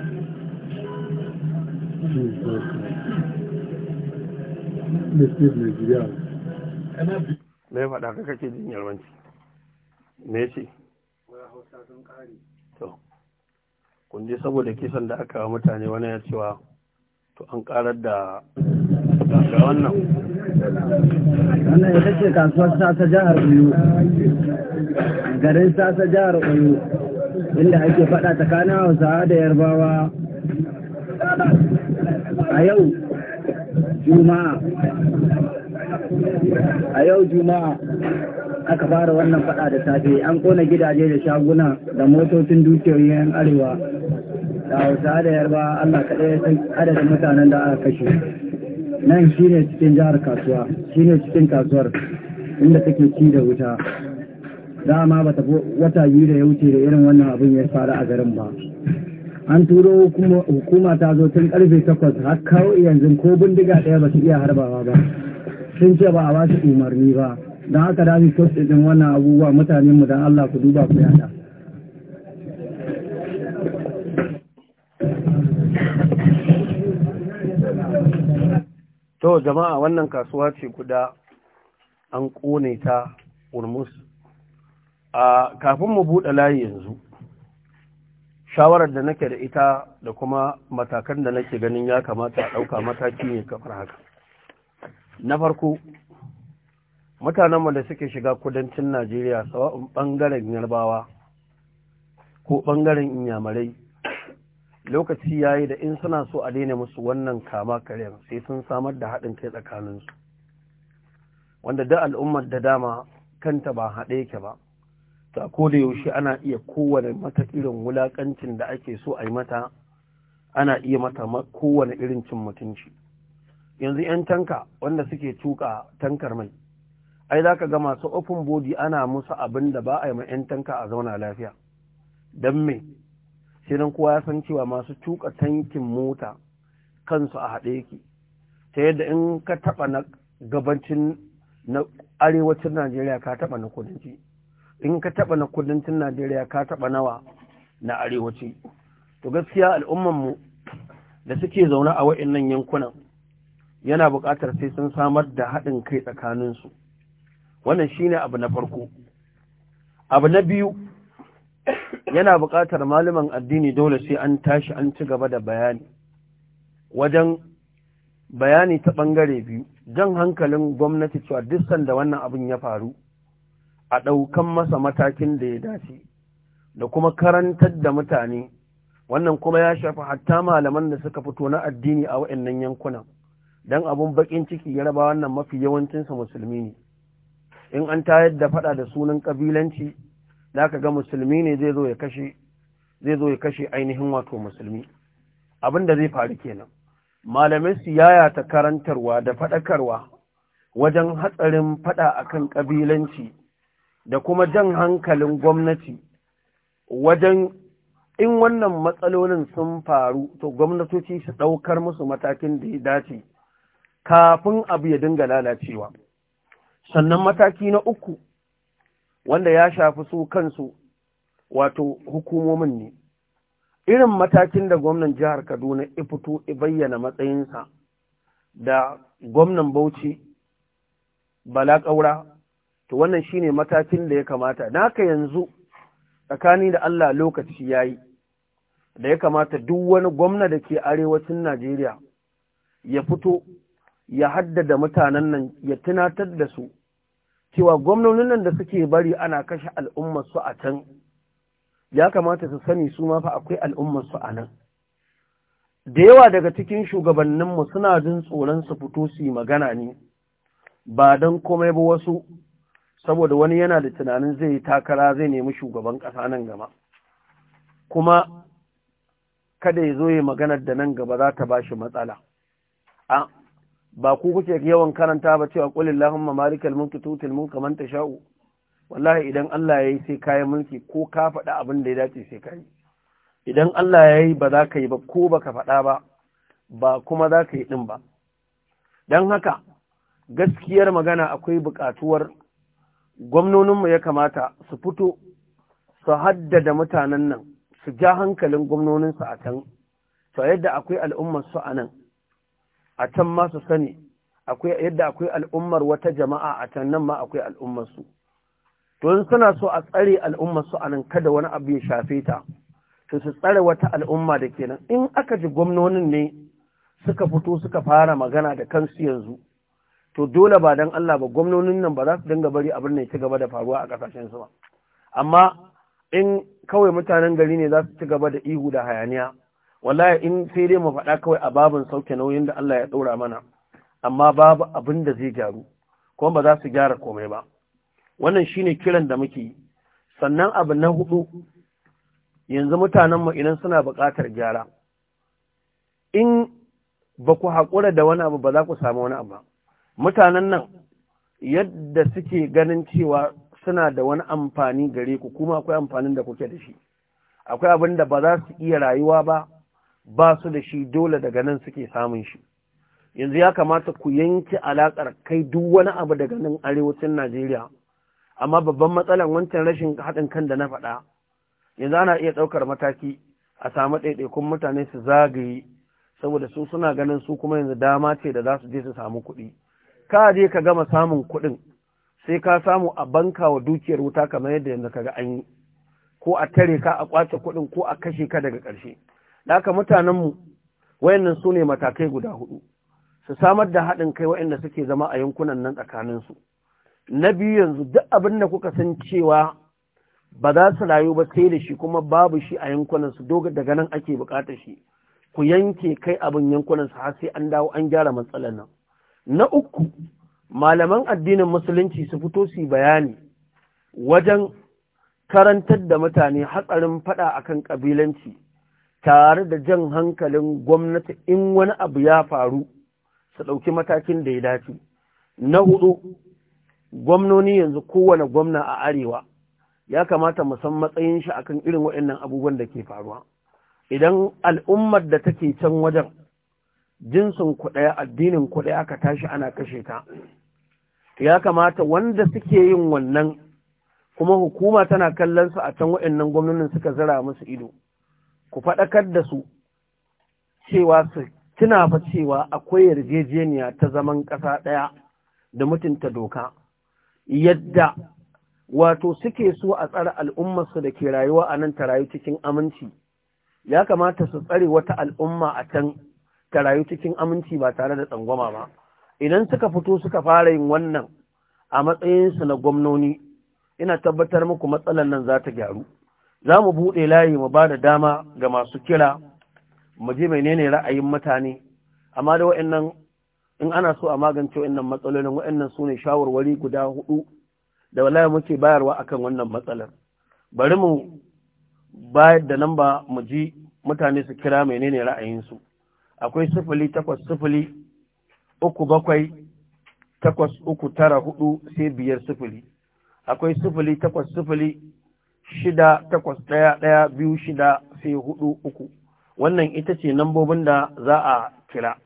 mai faɗa ka kake jin yarwanci me ce to kun je saboda kisan da aka mutane wani ya cewa to an karar da ga wannan wannan ita ce kasuwar sasa jihar oyo garin sasa jihar oyo inda ake faɗa tsakanin hausawa da yarbawa a yau juma'a a yau juma'a aka fara wannan fada da safe an kona gidaje da shaguna da motocin dukiyoyin arewa da hausa da yarba allah kaɗai ya san adadin mutanen da aka kashe nan shine cikin jihar kasuwa shine cikin kasuwar inda take ci da wuta dama bata wata biyu da ya wuce da irin wannan abin ya faru a garin ba an turo hukuma ta zo tun karfe takwas har kawo yanzu ko bindiga ɗaya ba su iya harbawa ba sun ce ba a ba su umarni ba don haka da din wannan abubuwa mutane mu don Allah ku duba ku yada to jama'a wannan kasuwa ce guda an kone ta urmus a kafin mu buɗe layi yanzu shawarar da nake da ita da kuma matakan da nake ganin ya kamata a ɗauka mataki ne kafar haka na farko mutanenmu da suke shiga kudancin najeriya sawa'un ɓangaren yarbawa ko ɓangaren inyamarai lokaci ya yi da in suna so a daina musu wannan kama karyar sai sun samar da haɗin kai tsakaninsu wanda da al'ummar da dama kanta ba haɗe yake ba ta da yaushe ana iya kowane mata irin wulakancin da ake so a yi mata ana iya mata kowane irin cin mutunci yanzu 'yan tanka wanda suke tuka tankar mai ai za ka ga masu open body ana musu abin da ba a yi ma 'yan tanka a zauna lafiya don me sai nan kowa ya san cewa masu tuka tankin mota kansu a haɗe yake ta yadda in ka taɓa na gabancin na arewacin najeriya ka taɓa na kudanci in ka taɓa na kudancin najeriya ka taɓa nawa na arewaci to gaskiya mu da suke zaune a wa'innan yankunan yana buƙatar sai sun samar da haɗin kai tsakaninsu wannan shine abu na farko abu na biyu yana buƙatar malaman addini dole sai an tashi an ci gaba da bayani wajen bayani ta ɓangare biyu jan hankalin gwamnati cewa duk sanda wannan abin ya faru a ɗaukan masa matakin da ya dace da kuma karantar da mutane wannan kuma ya shafi hatta malaman da suka fito na addini a waɗannan yankunan don abun baƙin ciki ya raba wannan mafi yawancinsa musulmi ne in an tayar da faɗa da sunan ƙabilanci, za ka ga musulmi ne zai zo ya kashe ainihin wato musulmi abin da zai faru kenan malamai su yaya ta karantarwa da faɗakarwa wajen hatsarin faɗa akan ƙabilanci. da kuma jan hankalin gwamnati wajen in wannan matsalolin sun faru to gwamnatoci su ɗaukar musu matakin da ya dace kafin abu ya dinga lalacewa sannan mataki na uku wanda ya shafi su kansu wato hukumomin ne irin matakin da gwamnan jihar kaduna ya fito ya bayyana matsayinsa da gwamnan bauchi bala ƙaura to wannan shine matakin da ya kamata naka yanzu tsakani da Allah lokaci yayi da ya kamata duk wani gwamna da ke arewacin Najeriya ya fito ya haddada mutanen nan ya tunatar da su cewa gwamnonin nan da suke bari ana kashe al'ummar su a can ya kamata su sani su ma fa akwai al'ummar su a nan da yawa daga cikin shugabanninmu suna jin tsoron su fito su yi magana ne ba don komai ba wasu saboda wani yana da tunanin zai yi takara zai nemi shugaban ƙasa nan gaba kuma kada ya zo yi maganar da nan gaba za ta ba shi matsala a ba ku kuke yawan karanta ba cewa qul lahun malikal mulki tutul mulka man sha'u. wallahi idan Allah ya yi sai kayan mulki ko ka faɗa abin da ya dace sai yi. idan Allah ya yi ba za ka yi ba ko ba ka faɗa ba ba kuma za ka yi ɗin ba Don haka gaskiyar magana akwai buƙatuwar gwamnoninmu ya kamata su fito su haddada mutanen nan su ja hankalin gwamnoninsu a can to yadda akwai al'ummar su a nan a can ma su sani yadda akwai al'ummar wata jama'a a can nan ma akwai alummarsu su to yin suna so a tsare al'ummarsu su a nan kada wani abu ya shafe ta to su tsare wata al'umma da kenan in aka ji gwamnonin ne suka fito suka fara magana da kansu yanzu to dole ba dan Allah ba gwamnonin nan ba za su dinga bari abin da ci gaba da faruwa a kasashen su ba amma in kawai mutanen gari ne za su ci gaba da ihu da hayaniya wallahi in sai dai mu faɗa kawai a babin sauke nauyin da Allah ya ɗora mana amma babu abin da zai gyaru kuma ba za su gyara komai ba wannan shine kiran da muke yi sannan abu na hudu yanzu mutanen mu idan suna buƙatar gyara in ba ku haƙura da wani abu ba za ku samu wani abu ba? mutanen nan yadda suke ganin cewa suna da wani amfani gare ku kuma akwai amfanin da kuke da shi akwai abin da ba za su iya rayuwa ba ba su da shi dole daga nan suke samun shi yanzu ya kamata ku yanke alaƙar kai duk wani abu daga nan arewacin Najeriya amma babban matsalan wancan rashin haɗin kan da na faɗa yanzu ana iya ɗaukar mataki a samu ɗaiɗaikun mutane su zagaye saboda su suna ganin su kuma yanzu dama ce da za su je su samu kuɗi ka je ka gama samun kuɗin sai ka samu a banka wa dukiyar wuta kamar yadda yanzu kaga an yi ko a tare ka a kwace kuɗin ko a kashe ka daga ƙarshe da haka mutanenmu wayannan su ne matakai guda hudu su samar da haɗin kai wayanda suke zama a yankunan nan tsakanin su na biyu yanzu duk abin da kuka san cewa ba za su rayu ba sai da shi kuma babu shi a yankunan su doga daga nan ake bukatar shi ku yanke kai abin yankunan su har sai an dawo an gyara matsalar nan na uku malaman addinin musulunci su fito su bayani wajen karantar da mutane hatsarin fada akan kabilanci tare da jan hankalin gwamnati in wani abu ya faru su ɗauki matakin da ya dace na hudu gwamnoni yanzu kowane gwamna a arewa ya kamata mu san matsayin shi akan irin waɗannan abubuwan da ke faruwa idan al'ummar da take can wajen jinsin kuɗaya addinin kuɗaya aka tashi ana kashe ta ya kamata wanda suke yin wannan kuma hukuma tana kallon su a can waɗannan gwamnonin suka zara musu ido ku faɗakar da su cewa su tuna fa cewa akwai yarjejeniya ta zaman ƙasa ɗaya da mutunta doka yadda wato suke so a tsare su da ke rayuwa a nan ta rayu cikin aminci ya kamata su tsare wata al'umma a can ta rayu cikin aminci ba tare da tsangwama ba idan suka fito suka fara yin wannan a matsayinsu na gwamnoni ina tabbatar muku matsalar nan za ta gyaru za mu buɗe layi mu ba da dama ga masu kira mu je menene ra'ayin mutane amma da wa'annan in ana so a magance wa'annan matsalolin wa'annan su ne shawarwari guda hudu da wallahi muke bayarwa akan wannan matsalar bari mu bayar da lamba mu ji mutane su kira menene ra'ayinsu akwai sifili takwas sifili uku bakwai takwas uku tara hudu sai biyar sifili akwai sifili takwas sifili shida takwas ɗaya ɗaya biyu shida sai hudu uku wannan ita ce nambobin da za a kira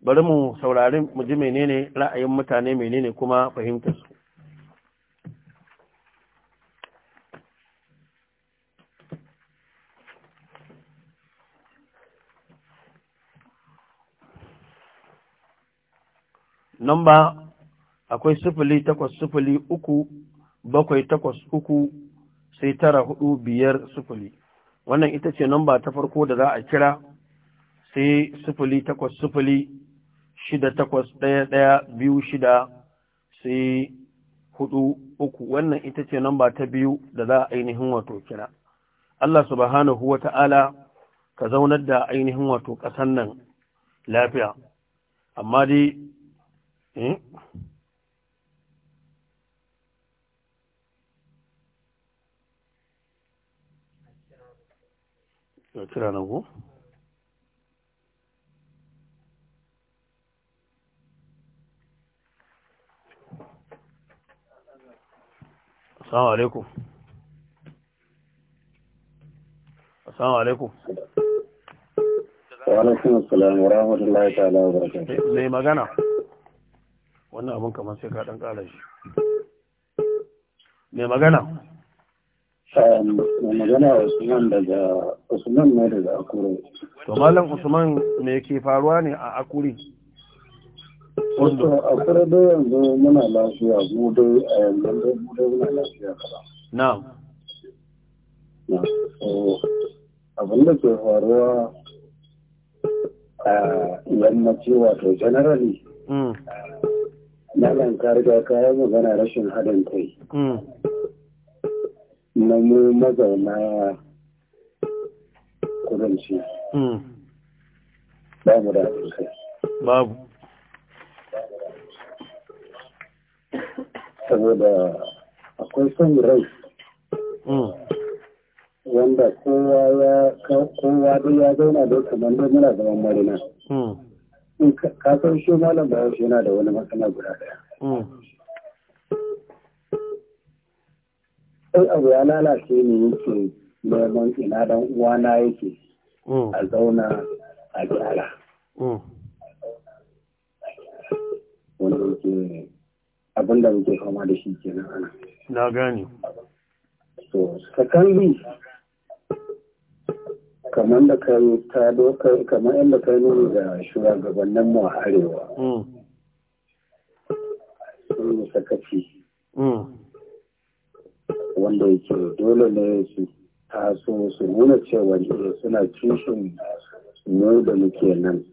bari mu saurari mu ji menene ra'ayin mutane menene kuma fahimtarsu namba akwai sifili takwas sifili uku bakwai takwas uku sai tara hudu biyar sifili wannan ita ce namba ta farko da za a kira sai sifili takwas sifili shida takwas ɗaya ɗaya biyu shida sai hudu uku wannan ita ce namba ta biyu da za a ainihin wato kira Allah subhanahu wa ta'ala ka zaunar da ainihin wato ƙasan nan lafiya amma dai Hmm? kira na Assalamu alaikum. Assalamu alaikum. Wa alaikum assalam wa rahmatullahi ta'ala wa barakatuh. Mai magana? wannan abin kamar sai ka dan kara shi mai magana eh, mai magana usman daga usman ne daga akure to malam usman me ke faruwa ne a akure wato akure da yanzu muna lafiya mu dai a yanzu dai mu dai muna lafiya kada na abin da ke faruwa eh, a yammaci wato generally mm. eh, Malam ka riga ka magana rashin haɗin kai. Hmm. Na mu mazauna kudanci. Hmm. Ba mu da haɗin kai. Babu. Saboda akwai son rai. Hmm. Wanda kowa ya ya zauna da kamar da muna zaman marina. ka san shi malam ba shi yana da wani matsala guda daya sai hmm. abu ya lalace ne yake neman ina dan uwana yake hmm. a zauna a gyara hmm. wanda yake abinda muke kama da shi kenan ana na gani. so secondly kamar da ka ta dokar kamar yadda ka nuna da shugabannin mu a arewa mm. sun yi sakaci mm. wanda yake dole ne su taso su nuna cewa suna kishin mu da muke nan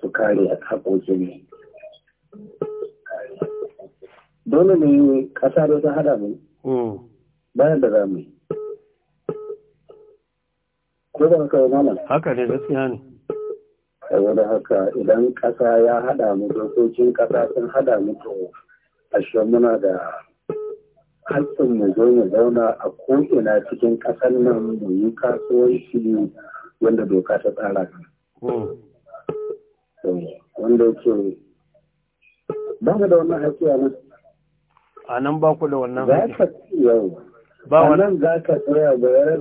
su kare a haƙoƙin dole ne kasa da ta hada mu mm. bayan da za mu yi ko ba haka malam haka ne gaskiya ne saboda haka idan ƙasa ya haɗa mu dokokin ƙasa sun haɗa mu to ashe muna da hakkin mu zo mu zauna a ko'ina cikin ƙasar nan mu yi kasuwanci wanda doka ta tsara hmm. wanda yake ba mu da wannan haƙƙi a nan a nan ba ku da wannan haƙƙi ba wannan za ka tsaya bayar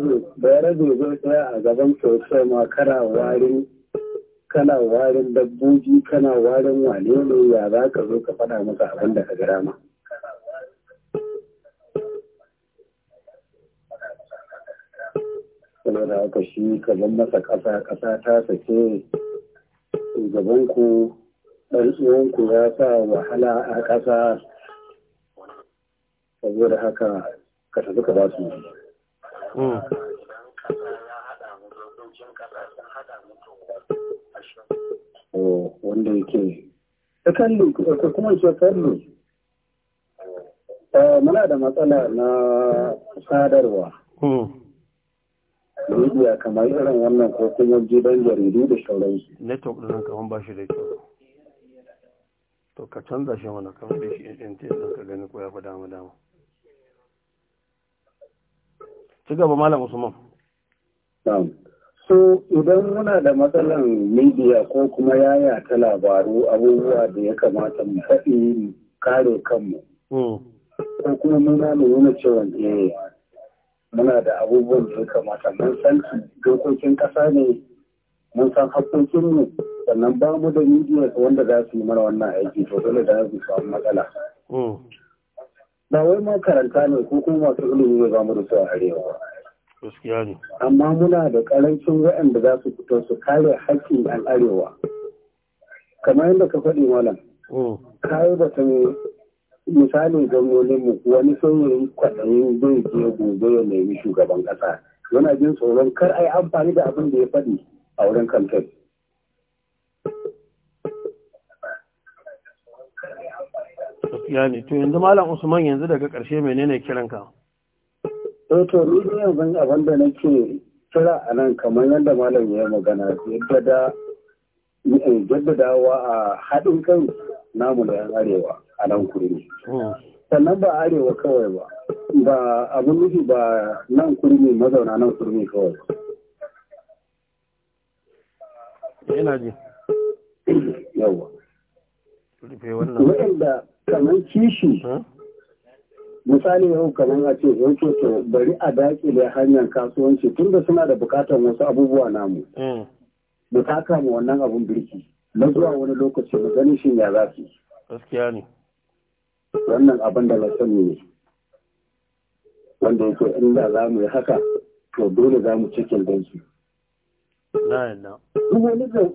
zai tsaya a gaban sosai ma kana warin kana warin dabbobi kana warin wane ne ya za ka zo ka faɗa masa abin da ka gara ma da haka shi ka zan masa ƙasa ƙasa ta sake shugabanku ɗan uwanku ya sa wahala a ƙasa saboda haka ka tafi ka ba su wanda yake ta kallo kuma ce kallo muna da matsala na sadarwa media kamar irin wannan ko kuma gidan jaridu da sauransu network ɗin kaman ba shi da kyau to ka canza shi mana kamar da shi in ce ka gani ko ya fi dama dama ci gaba malam usman so idan muna da matsalan media ko kuma yaya ta labaru abubuwa da ya kamata mu faɗi kare kanmu hmm. ko kuma muna da nuna cewa e muna da abubuwan da ya kamata mun san dokokin ƙasa ne mun san haƙƙoƙin mu sannan ba mu da media wanda za su yi mana wannan aiki to dole da za su samu matsala hmm. ba wai makaranta ne ko kuma masu ilimi ba mu da su arewa gaskiya ne amma muna da karancin waɗanda za su fito su kare haƙƙin ɗan arewa kamar yadda ka faɗi malam hmm. kayi misali misalin gwamnonin mu wani sauyin kwaɗayin zai je gobe ya nemi shugaban ƙasa yana jin tsoron kar a yi amfani da abin da ya faɗi a wurin kamfani gaskiya ne to yanzu malam usman yanzu daga ƙarshe menene kiranka to ni dai yanzu abin da nake kira a nan kamar yadda malam ya magana yadda da eh, jaddadawa a haɗin kan namu da yan arewa a nan kurmi hmm. sannan ba arewa kawai ba ba abin nufi ba nan kurmi mazauna nan kurmi kawai ina ji yawa kamar kishi misali yau kamar a ce zai ce bari a dakile hanyar kasuwanci tunda suna da bukatar wasu abubuwa namu hmm. mu taka mu wannan abun birki na zuwa wani lokaci mu gani shin ya za su gaskiya ne wannan abin da na sani ne wanda yake inda za mu yi haka to dole za mu cikin dansu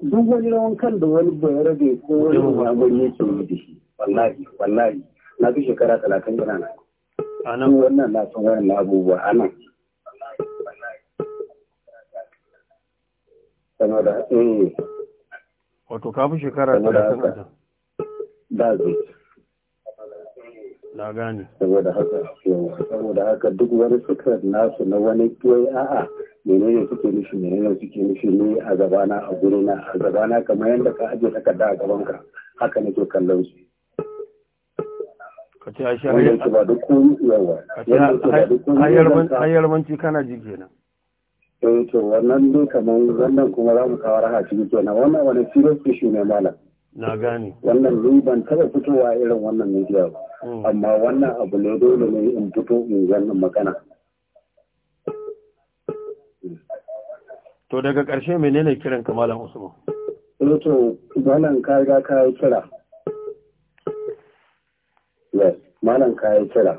duk wani rawan kan da wani bayar bayarabe ko wani mamari yake yi da shi wallahi wallahi na fi shekara talatin yana na. Anan wannan na sun wani abubuwa anan. sama da eh wato ka fi shekara talatin a da zai na gane saboda haka saboda haka duk wani sukar nasu na wani tuwai a'a menene suke nufi menene suke nufi ni a gabana a gurina a gabana kamar yadda ka ajiye takarda a gabanka haka nake kallon su ka ce hayar hayarbanci kana ji kenan eh to wannan dai kaman wannan kuma za mu kawar raha ciki kenan wannan wani serious issue ne malam na gane wannan ni ban taba fitowa irin wannan media ba hmm. amma wannan abu ne dole ne in fito in wannan magana to daga karshe menene kiran ka malam usman eh to malam ka riga ka kira malam ka yi kira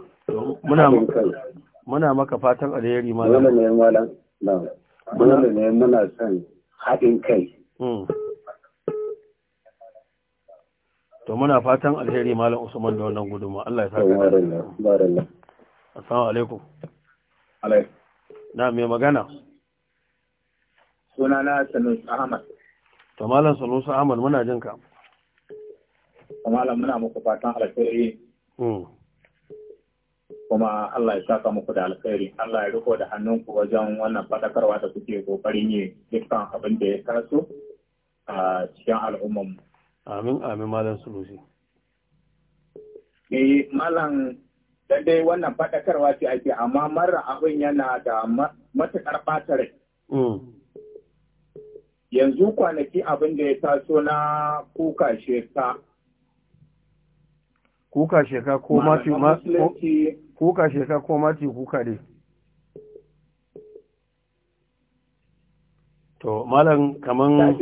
muna muna maka fatan alheri malam muna ne malam muna ne muna son haɗin kai hmm. to muna fatan alheri malam usman da wannan gudunma Allah ya saka barallah assalamu alaikum alaikum na me magana sunana Sanus Ahmad to malam Sanus Ahmad muna jin ka malam muna muku fatan alheri Mm. kuma Allah ya saka muku da alkhairi Allah ya riko da hannunku wajen wannan fadakarwa da kuke kokarin yi dukkan abin da ya taso a cikin al'umman amin amin malam sulusi eh malam dan dai wannan fadakarwa ce ake amma mara abin yana da matuƙar batare. Mm. yanzu kwanaki abin da ya taso na kuka shekara kuka sheka ko mati ma kuka sheka ko mati kuka dai to malam kaman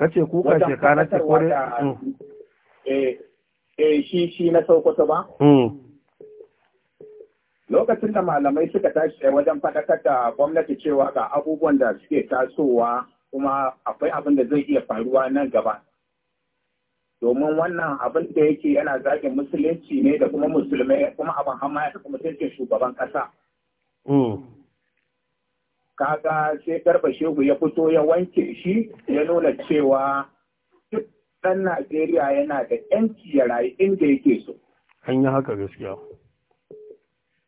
kace hmm. kuka sheka na ta kore hmm. eh eh shi shi na sauko saukoto ba hmm. lokacin da malamai suka tashi wajen fadakar da gwamnati cewa ga abubuwan da suke tasowa kuma akwai abin da zai iya faruwa nan gaba domin wannan abin da yake yana zagin musulunci ne da kuma musulmai kuma abin hama da kuma sirkin shugaban kasa. Mm. Kaga sai garba shehu ya fito ya wanke shi ya nuna cewa duk ɗan Najeriya yana da ‘yanci ya rayu inda yake so. An yi haka gaskiya.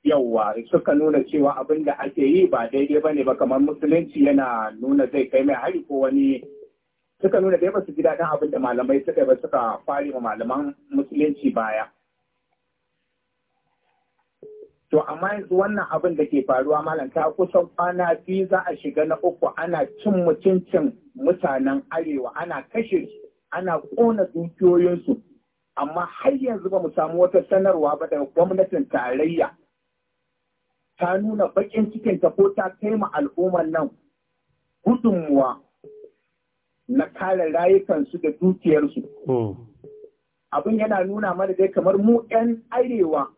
Yawwa suka nuna cewa abin da ake yi ba daidai ba ne ba kamar musulunci yana nuna zai kai mai hari ko wani suka nuna dai ba su ji daɗin abin da malamai suka ba suka fari ma malaman musulunci baya. To amma yanzu wannan abin da ke faruwa malam ta kusan kwana biyu za a shiga na uku ana cin mutuncin mutanen arewa ana kashe su ana ƙona dukiyoyinsu amma har yanzu ba mu samu wata sanarwa ba daga gwamnatin tarayya ta nuna baƙin cikinta ko ta kai ma al'ummar nan gudunmuwa na kare rayukansu da dukiyarsu. Hmm. Abin yana nuna mana dai kamar mu 'yan arewa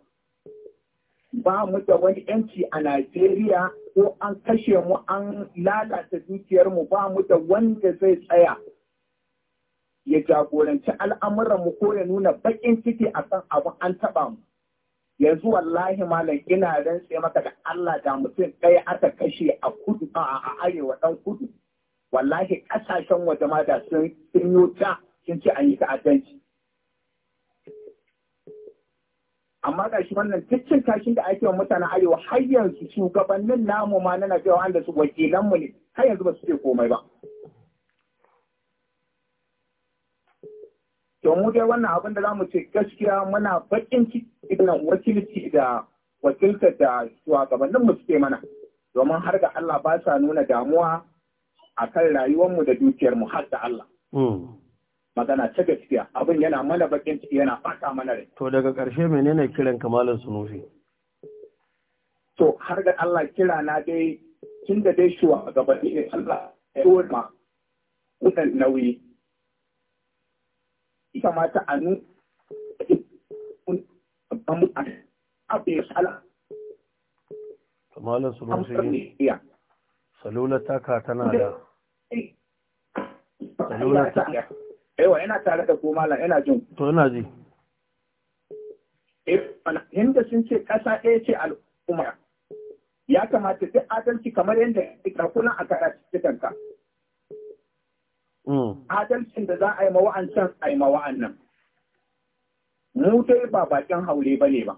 ba mu da wani 'yanci a Najeriya ko an kashe mu an lalata dukiyarmu ba mu da wanda zai tsaya ya jagoranci al'amuranmu ko ya nuna baƙin ciki akan abin an taɓa mu. yanzu wallahi malam ina rantse maka da Allah da mutum ɗaya aka kashe a kudu a arewa ɗan kudu wallahi ƙasashen waje ma sun yi ta sun ce an yi ta'addanci amma ga shi wannan cikin kashin da ake wa mutanen arewa har yanzu shugabannin namu ma na najeriya wanda su wakilanmu ne har yanzu ba su ce komai ba to mu dai wannan abin da za mu ce gaskiya muna bakin cikin wakilci da wakiltar da shugabanninmu suke mana domin har ga Allah ba sa nuna damuwa A rayuwar rayuwarmu da dukiyarmu har da Allah hmm. magana ta gaskiya abin yana mana bakin ciki yana fata mana rai to daga ƙarshe menene kiran kamalan sunufi? to har da Allah kira na dai tun da dai shuwa gaba ne Allah ya ma wannan nauyi ya kamata a nu abin sala kamalan sunusi salula taka tana da Ewa yana tare da kuma malam yana jin. To ina ji. Hinda eh, sun ce ƙasa ɗaya ce al'umma. Ya kamata duk adalci kamar yadda ya ɗakunan a karatukanka. Adalcin da za a yi ma wa'ancan a yi ma wa'annan. Mu dai ba bakin haure ba ne ba.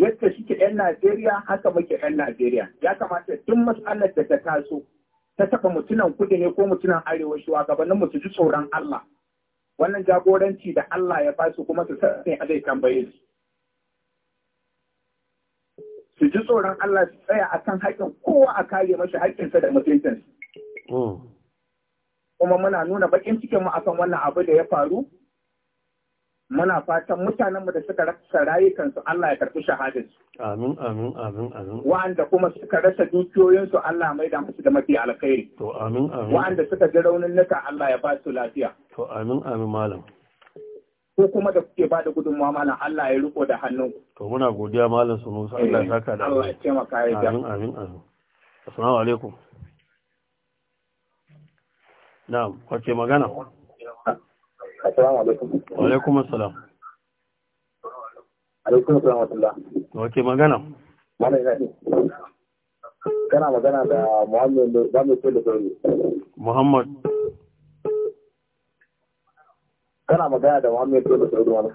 yadda ke yan Najeriya haka muke yan Najeriya ya kamata duk matsalar da ta taso ta taɓa mutunan kudu ne ko mutunan arewa shugabannin mu su ji tsoron Allah wannan jagoranci da Allah ya ba su kuma su sani a zai tambaye su su ji tsoron Allah su tsaya a kan haƙƙin kowa a kare mashi haƙƙinsa da mutuncinsa hmm. kuma muna nuna bakin cikin mu akan wannan abu da ya faru muna fatan mutanen mu da suka rasa rayukansu Allah ya karɓi su. Amin amin amin amin. Wa'anda kuma suka rasa dukiyoyinsu Allah mai da musu da mafi alkhairi. To amin amin. Wa'anda suka ji raunin nuka Allah ya ba su lafiya. To amin amin malam. ko kuma da kuke bada gudunmawa malam Allah ya riko da hannu. To muna godiya malam su, musu Allah ya eh, saka da Allah ya taimaka ya Amin amin amin. Assalamu alaikum. Na'am, kwace magana. Assalamu alaikum. Wa alaikum assalam. Alaikum assalam wa rahmatullah. Wace magana? Mana ina ne? Kana magana da Muhammad da mu ce da sauri. Muhammad. Kana magana da Muhammad da sauri mana.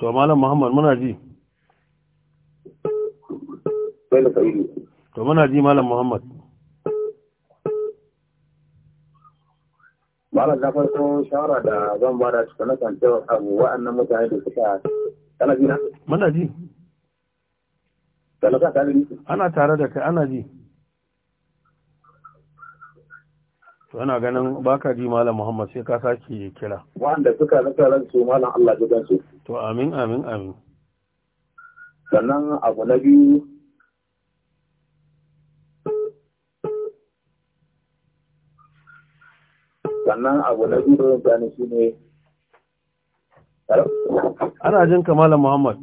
To malam Muhammad muna ji. Sai da sauri. To muna ji malam Muhammad. Malam na farko shawara da zan ba da cikin nasan cewa abu wa'annan mutane da suka kana ji na? Muna ji. Talaka tare ni. Ana tare da kai ana ji. To ana ganin baka ji Malam Muhammad sai ka sake kira. Wa'anda suka ran su Malam Allah ya gansu. To amin amin amin. Sannan abu na biyu sannan abu na biyu da zan gane shi ne ana jin kamala muhammad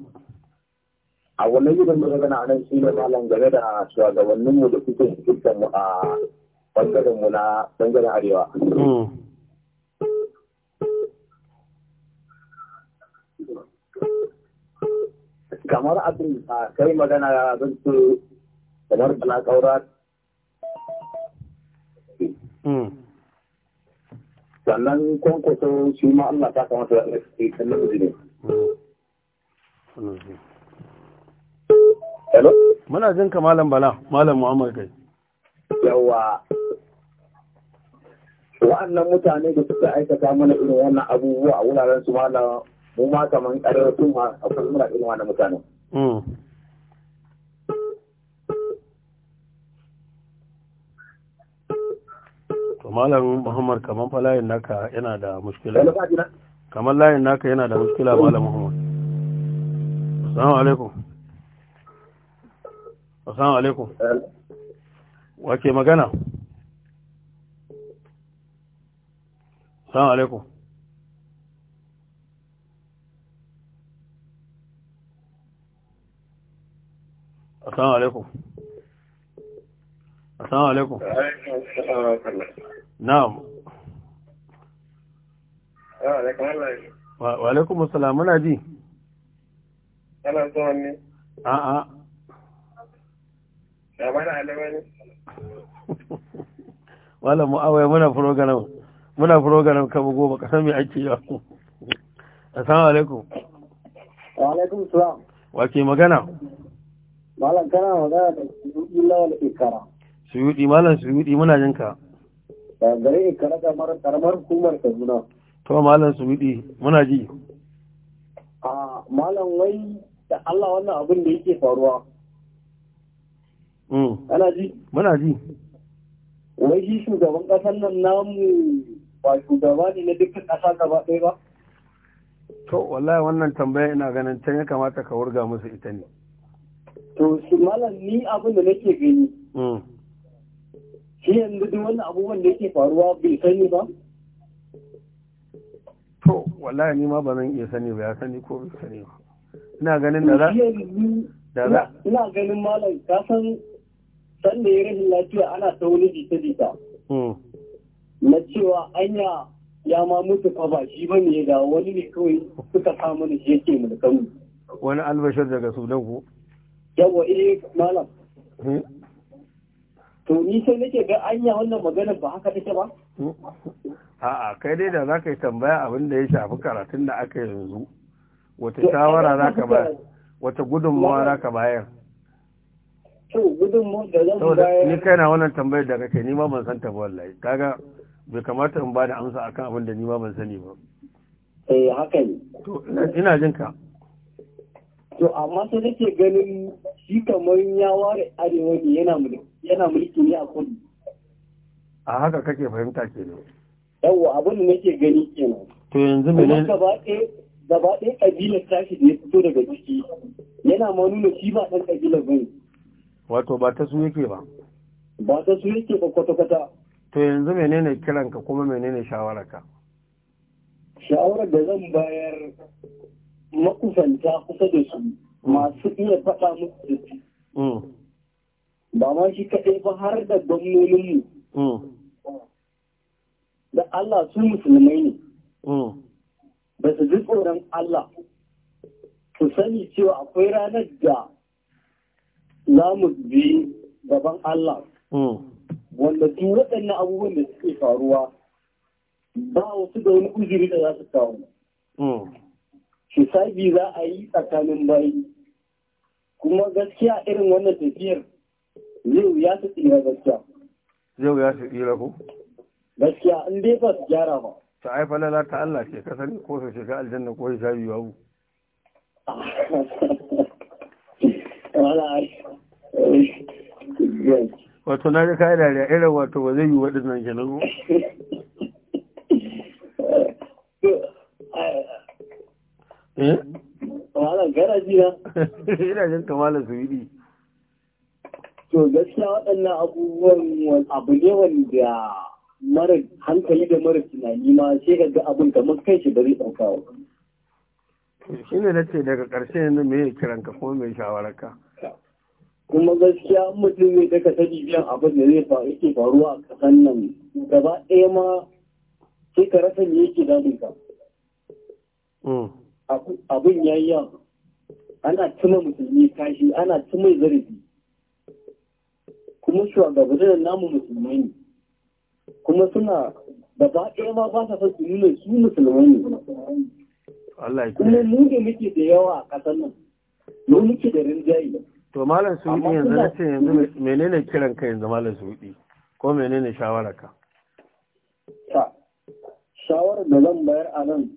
abu na biyu da zan gane nan shi ne malam game da shugabanninmu da suke cikin mu a ɓangarenmu na ɓangaren arewa hmm. kamar abin a kai magana ya zan ce kamar balakaura hmm. sannan kwankwaso shi ma Allah ta kamata ya ɗauki kan namiji ne. Hello? Muna jin ka Malam Bala, Malam Muhammad kai. Yawa. Wa'annan mutane da suka aikata mana irin wannan abubuwa a wuraren su malam mu ma kamar ƙarfi ma akwai muna irin wannan mutane. Mm. to malam muhammad kamar fa layin naka yana da muskila kamar layin naka yana da mushkila malam muhammad assalamu alaikum assalamu alaikum wace magana assalamu alaikum assalamu alaikum assalamu alaikum na'am wa alaikum assalam muna ji ana zuwa ne a'a Ya mana alama ne wala [LAUGHS] mu'awai muna program muna program kama goma kasan mai ake yi assalamu alaikum wa alaikum salam wa ke magana malam kana magana da Abdullahi al-Ikara suyudi malam Suyuɗi, muna jin ka gare ni kana mara karamar hukumar zuna to malam Suyuɗi, muna ji a malam wai da Allah wannan abin da yake faruwa mm ana ji muna ji wai shi shugaban kasar nan namu ba shugaba ne na dukkan ƙasa gaba ɗaya ba to wallahi wannan tambaya ina ganin can ya kamata ka wurga musu ita ne to su malam ni abin da nake gani mm. shi yanzu duk abubuwan da yake faruwa bai sani ba to wallahi ni ma ba zan iya sani ba ya sani ko bai sani ba ina ganin da za da za ina ganin malam ka san san da ya rashin lafiya ana ta wani jita jita hmm. na cewa anya ya ma mutu fa ba shi bane ya dawo wani ne kawai suka samu da shi yake mulkan wani albashar daga sudan ko yawa eh malam hmm. to ni sai nake ga anya wannan magana ba haka take ba a'a kai dai da zaka yi tambaya abin da ya shafi karatun da aka yanzu wata shawara zaka ba wata gudunmawa zaka bayar to gudunmawa da zan bayar ni kaina wannan tambayar da kake ni ma ban san ta ba wallahi kaga bai kamata in bada amsa akan abin da ni ma ban sani ba eh haka ne to ina jin ka to amma sai nake ganin shi kamar ya ware arewa ne yana mulki yana mulki ne a kudu a haka kake fahimta ke ne yawwa abin da nake gani kenan to yanzu mene gaba ɗaya gaba ɗaya ƙabilar tashi da ya fito daga ciki yana ma nuna shi ba ɗan ƙabilar bane wato ba ta su yake ba ba ta su yake ba kwata-kwata to yanzu menene kiranka kuma menene shawararka shawarar da zan bayar makusanta kusa da su mm. masu iya faɗa musu da su mm. ba ma shi kaɗai ba har da gwamnoninmu hmm. da Allah su musulmai ne hmm. ba su ji tsoron Allah su sani cewa akwai ranar da za mu bi gaban Allah hmm. wanda duk waɗannan abubuwan da suke faruwa ba wasu da wani uzuri da za su kawo sabi za a yi tsakanin bayi kuma gaskiya irin wannan tafiyar Yau ya su tsira gaskiya. ya su tsira ko? Gaskiya in dai ba su gyara ba. Ta haifa lalata ta Allah ce ka sani ko su shiga aljanna ko ya shayi yawu. Wato na ji ka yi dariya irin wato ba zai yi waɗannan kenan ko? [LAUGHS] Eh? eh? Wala garaji na. [LAUGHS] Ina jin kamala su yi To gaskiya waɗannan abubuwan abu ne wanda mara hankali da mara tunani ma sai ka ga abin kamar kai shi bari zai Shi ne na ce daga ƙarshe yanzu me ya kiran ka ko me shawararka. Kuma gaskiya mutum ne daga sani biyan abin da zai faru yake faruwa a ƙasan nan gaba ɗaya ma sai ka rasa me yake damun ka. Mm. Abin ya yi yawa. Ana tuma musulmi kashi ana tuma zarafi. kuma da namu musulmai ne kuma suna ba ɗaya ma ba sa son su nuna su musulmai ne kuma mu da muke da yawa a ƙasar nan mu muke da rinjaye to malam suhudi yanzu na ce yanzu menene kiran ka yanzu malam suhudi ko menene shawara ka shawara da zan bayar a nan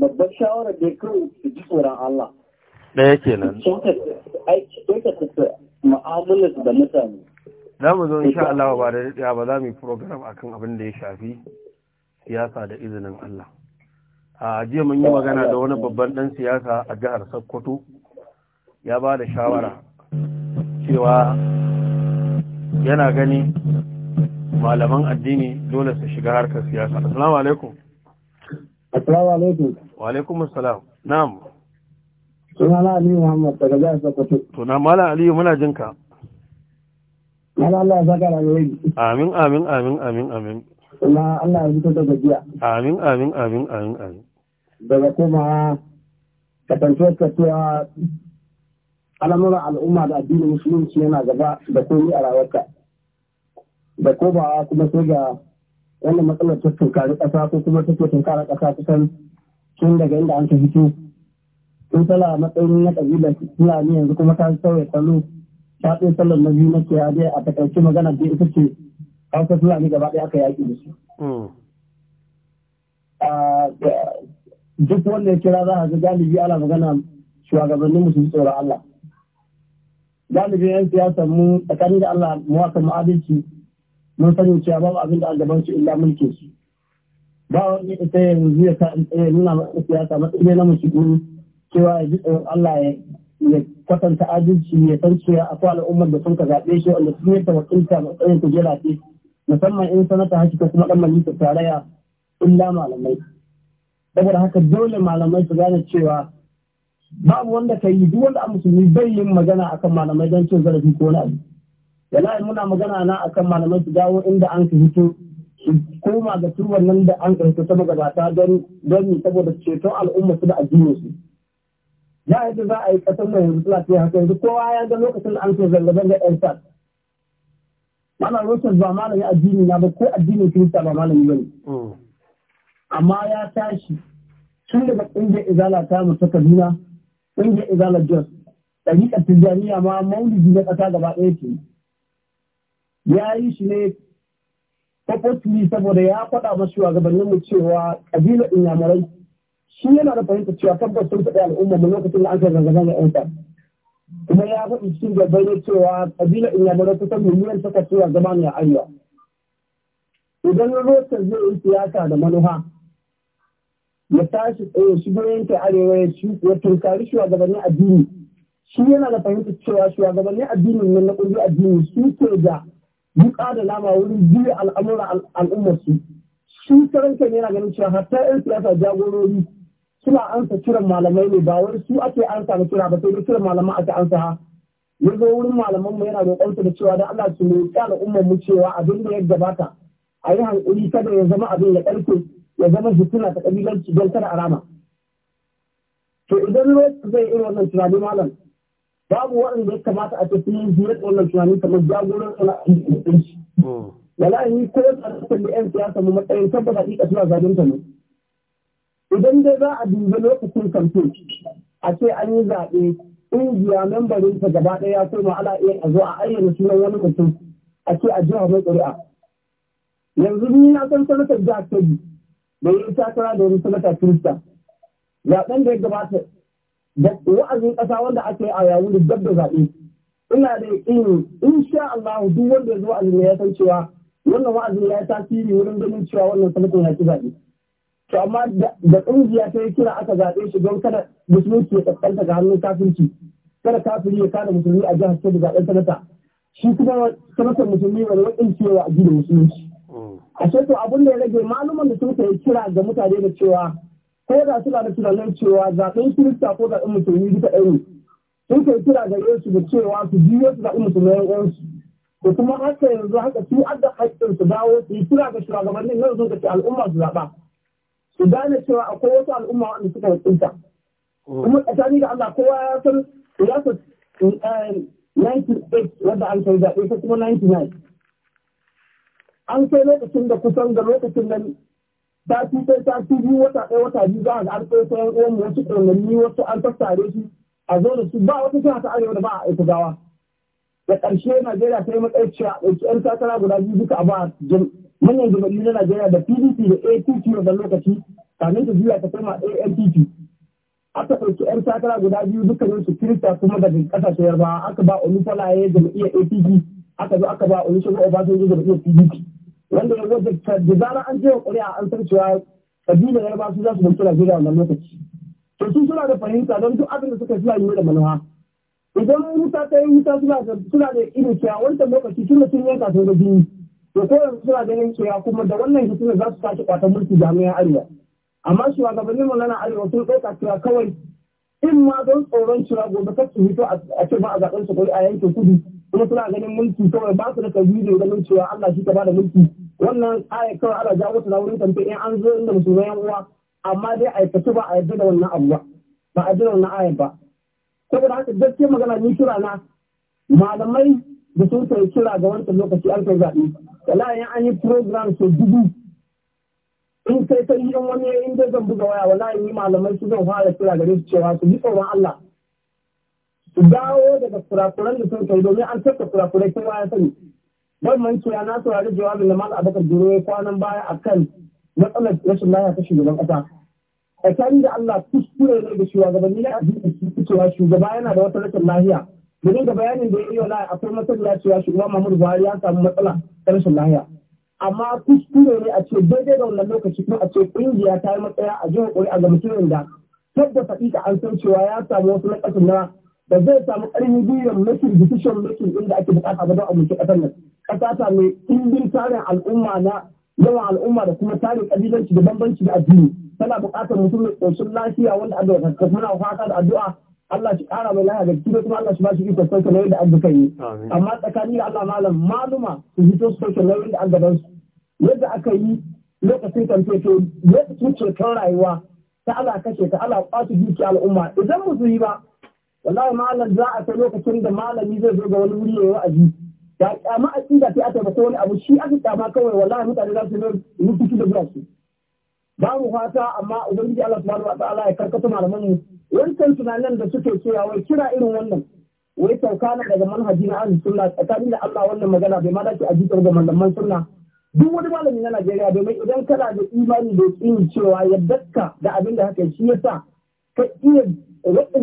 babbar shawara da kawai su ji tsoron Allah da yake nan mu'amalar da mutane za mu zo insha Allah ba da daɗewa ba za mu yi program akan abin da ya shafi siyasa da izinin Allah a jiya mun yi magana da wani babban ɗan siyasa a jihar Sokoto ya ba da shawara cewa yana gani malaman addini dole su shiga harkar siyasa assalamu alaikum assalamu alaikum wa alaikum assalam na'am Sunana Aliyu Muhammad daga jihar Sokoto. To na Aliyu muna jin ka. Malam Allah ya saka rayuwar. Amin amin amin amin amin. Kuma Allah ya fito da gajiya. Amin amin amin amin amin. Daga kuma kasantuwar kasuwa al'amuran al'umma da addinin musulunci yana gaba da komi a rayuwarka. Da ko ba kuma sai ga wannan matsalar ta tunkari ƙasa ko kuma take tunkarar ƙasa kusan tun daga inda an ta fito sun sala a matsayin na ƙabila fulani yanzu kuma ta sauya salo ta ɗin salon na biyu na ke dai a takaice magana da ita ce hausa fulani gaba ɗaya aka yaƙi da su. Hmm. duk wanda ya kira za a ga galibi ana magana shugabannin musu tsoron Allah. Galibi yan siyasa mu tsakanin da Allah mu haka mu adalci mun sani cewa babu abin da a gaban ci illa mulkin su. Ba wani ita yanzu ya nuna siyasa matsayi na musulmi cewa ya ji Allah ya kwatanta adalci ya san cewa akwai al'ummar da sun ka zaɓe shi wanda sun yadda wakilta matsayin jira ce musamman in sanata haki ko kuma ɗan majalisar tarayya illa malamai saboda haka dole malamai su gane cewa babu wanda ka yi duk wanda a musulmi bai yin magana akan malamai don cin zarafi ko wani abu muna magana na akan malamai su dawo inda an ka hito su koma ga turban nan da an ka hito ta magabata don don saboda ceton al'umma su da addinin su ba yadda za a yi ƙasar mai yanzu lafiya haka yanzu kowa ya ga lokacin an so zanga-zanga yan sa malam rosas ba malami addini na ba ko addinin kirista ba malami ba amma ya tashi tun daga ƙungiyar izala ta mu ta kaduna ƙungiyar izala jos ɗariƙar tijjaniya ma maulidi na ƙasa gaba ɗaya ce ya yi shi ne purposely saboda ya faɗa masu shugabanninmu cewa ƙabilar inyamurai shi yana da fahimta cewa tabbas sun faɗi al'umma mu lokacin da aka zanga zanga ƴan kuma ya faɗi cikin gaba ne cewa ƙabila inyamurai kusan miliyan takwas zuwa gaban ya arewa idan rota zai yi siyasa da manuha ya tashi tsaye goyon yanke arewa ya ya tunkari shugabannin addini shi yana da fahimtar cewa shugabannin addini ne na ƙungiyar addini su ke da buƙa da lama wurin biyu al'amuran al'ummarsu shi karan yana ganin cewa hatta 'yan siyasa jagorori suna ansa kiran malamai ne ba wani su ake ansa da kira ba sai dai kiran malaman ake ansa ya zo wurin malaman mu yana roƙon su da cewa da Allah su roƙi al'ummar mu cewa abin da ya gabata a yi hankuri kada ya zama abin ya ƙarfe ya zama fitina ta ƙabilanci don kada arama To idan roƙi zai irin wannan tunani malam babu waɗanda ya kamata a tafi yin da wannan tunani kamar jagoran sana'ar shi. Hmm. Wala ni ko wani da 'yan siyasa mu matsayin tabbata ƙiƙa suna ta ne. idan dai za a dubi lokacin kamfe a ce an yi zaɓe ƙungiya membarin ta gaba ɗaya ya koma ala iya a zo a ayyana sunan wani mutum a ce a jiha mai ƙuri'a yanzu ni na san sanatar jihar kebbi da yi takara da wani sanata kirista zaɓen da ya gabata da wa'azin ƙasa wanda aka yi a yawu da dab da zaɓe ina da in insha Allah duk wanda ya zo a ya san cewa wannan wa'azin ya yi tasiri wurin ganin cewa wannan sanatar ya ci zaɓe. to amma da ƙungiya ta yi kira aka zaɓe shi don kada musulunci ya tsakanta ga hannun kafirci kada kafiri ya kada musulmi a jihar sai da zaɓen sanata shi kuma sanatar musulmi wani wakin cewa a da musulunci mm. a to abin da ya rage malumin da suka yi kira ga mutane da cewa ko da suna da tunanin cewa zaɓen kirista ko zaɓen musulmi duka ɗaya sun kai kira ga yesu da cewa su biyo su zaɓi musulmi yan'uwansu ko kuma haka yanzu haka su adda haƙƙin su dawo su yi kira ga shugabannin yanzu da ke al'umma su zaɓa su gane cewa akwai wasu al'umma wanda suka tsinta hmm. kuma tsakani da Allah kowa ya san ya san 98 wadda an sai zaɓe ko kuma 99 an sai lokacin da kusan da lokacin nan ta fi sai ta fi biyu wata ɗaya wata biyu za a ga an sai sai uwan wasu ƙarnanni wasu an tattare su a zo da su ba wata suna ta arewa da ba a aiki gawa da ƙarshe Najeriya ta yi matsayi cewa ɗauki 'yan takara guda biyu duka a ba jam'i manyan gabani na Najeriya da PDP da APC daga lokaci kamin su juya ta koma ANPP. Aka ɗauki 'yan takara guda biyu dukkanin su Kirista kuma daga ƙasashen yarba aka ba Olufalaye jam'iyyar APC aka zo aka ba Olusegun Obasanjo jam'iyyar PDP. Wanda ya wajabta da zara an cewa ƙuri'a an san cewa ƙabilar yarba su za su mutu Najeriya wannan lokaci. To su suna da fahimta don duk abin da suka suna yi da manuwa. Idan wuta ta yi wuta suna da ido cewa wancan lokaci tun da sun yanka sun da jini. to ta yanzu suna ganin cewa kuma da wannan hikimar za su tashi kwata mulki jami'an arewa amma shugabannin mu na arewa sun ɗauka cewa kawai in ma don tsoron cewa gobe kar su fito a ce ba a zaɓen su a yankin kudu kuma suna ganin mulki kawai ba su da kabi da ganin cewa Allah shi ka da mulki wannan ayar kawai ana jawo ta wurin kamfe in an zo inda musulmai yan uwa amma dai a aikace ba a yarda da wannan abu ba ba a jira wannan ba saboda haka gaskiya magana ni kira na malamai da sun kai kira ga wancan lokaci an kai zaɓe ya an yi program so dubu in kai ta yi wani in inda zan buga waya ya yi malamai su zan fara kira gare su cewa su yi tsoron Allah su dawo daga kurakuran da sun kai domin an tafka kurakurai kowa ya sani ban man cewa na saurari jawabin da mal abakar duro ya kwanan baya a kan matsalar rashin lafiya ta shugaban a tsakani da Allah kuskure ne da shugabanni na addini cewa shugaba yana da wata rashin lahiya. mu da bayanin da ya iya a akwai matsalar cewa shugaban Muhammadu Buhari ya samu matsala ta rashin lahiya amma kuskure ne a ce daidai da wannan lokaci kuma a ce kungiya ta yi matsaya a jihar a ga mutumin da tabbata ita an san cewa ya samu wasu nakasin na da zai samu ƙarfin gwiwar making decision making inda ake buƙata ba don a mulki ƙasar nan ƙasa ta mai ɗimbin tarin al'umma na yawan al'umma da kuma tarin ƙabilanci da bambanci da addini tana buƙatar mutum mai ƙoshin lafiya wanda a da muna fata da addu'a Allah ya kara mai lafiya ga kido kuma Allah ya ba shi iko sauke nauyin da an duka yi amma tsakani da Allah malam maluma su fito su sauke nauyin da an gaban su yadda aka yi lokacin yadda kantoto ce kan rayuwa ta Allah kashe ta Allah kwaci dukiya al'umma idan ba su yi ba wallahi malam za a ta lokacin da malami zai zo ga wani wuri ya yi wa'azi da kyama a tsinda sai a taimako wani abu shi aka kyama kawai wallahi mutane za su yi rukuki da zuwa su ba mu fata amma ubangiji Allah subhanahu wa ta'ala ya karkata malaman mu wancan tunanin da suke cewa wai kira irin wannan wai sauka na daga manhaji na ahlus sunna tsakanin da Allah wannan magana bai ma dace a jikar ga malaman sunna duk wani malami na Najeriya domin idan kana da imani da yin cewa ka da abin da haka shi yasa ka iya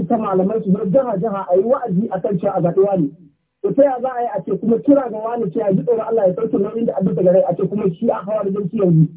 ta malamai su bar jaha jaha a yi wa'azi a kan cewa a wani to ta ya za a yi a ce kuma kira ga wani cewa a ji tsoron Allah ya sauke nauyin da abin da gare a ce kuma shi a hawa da yanzu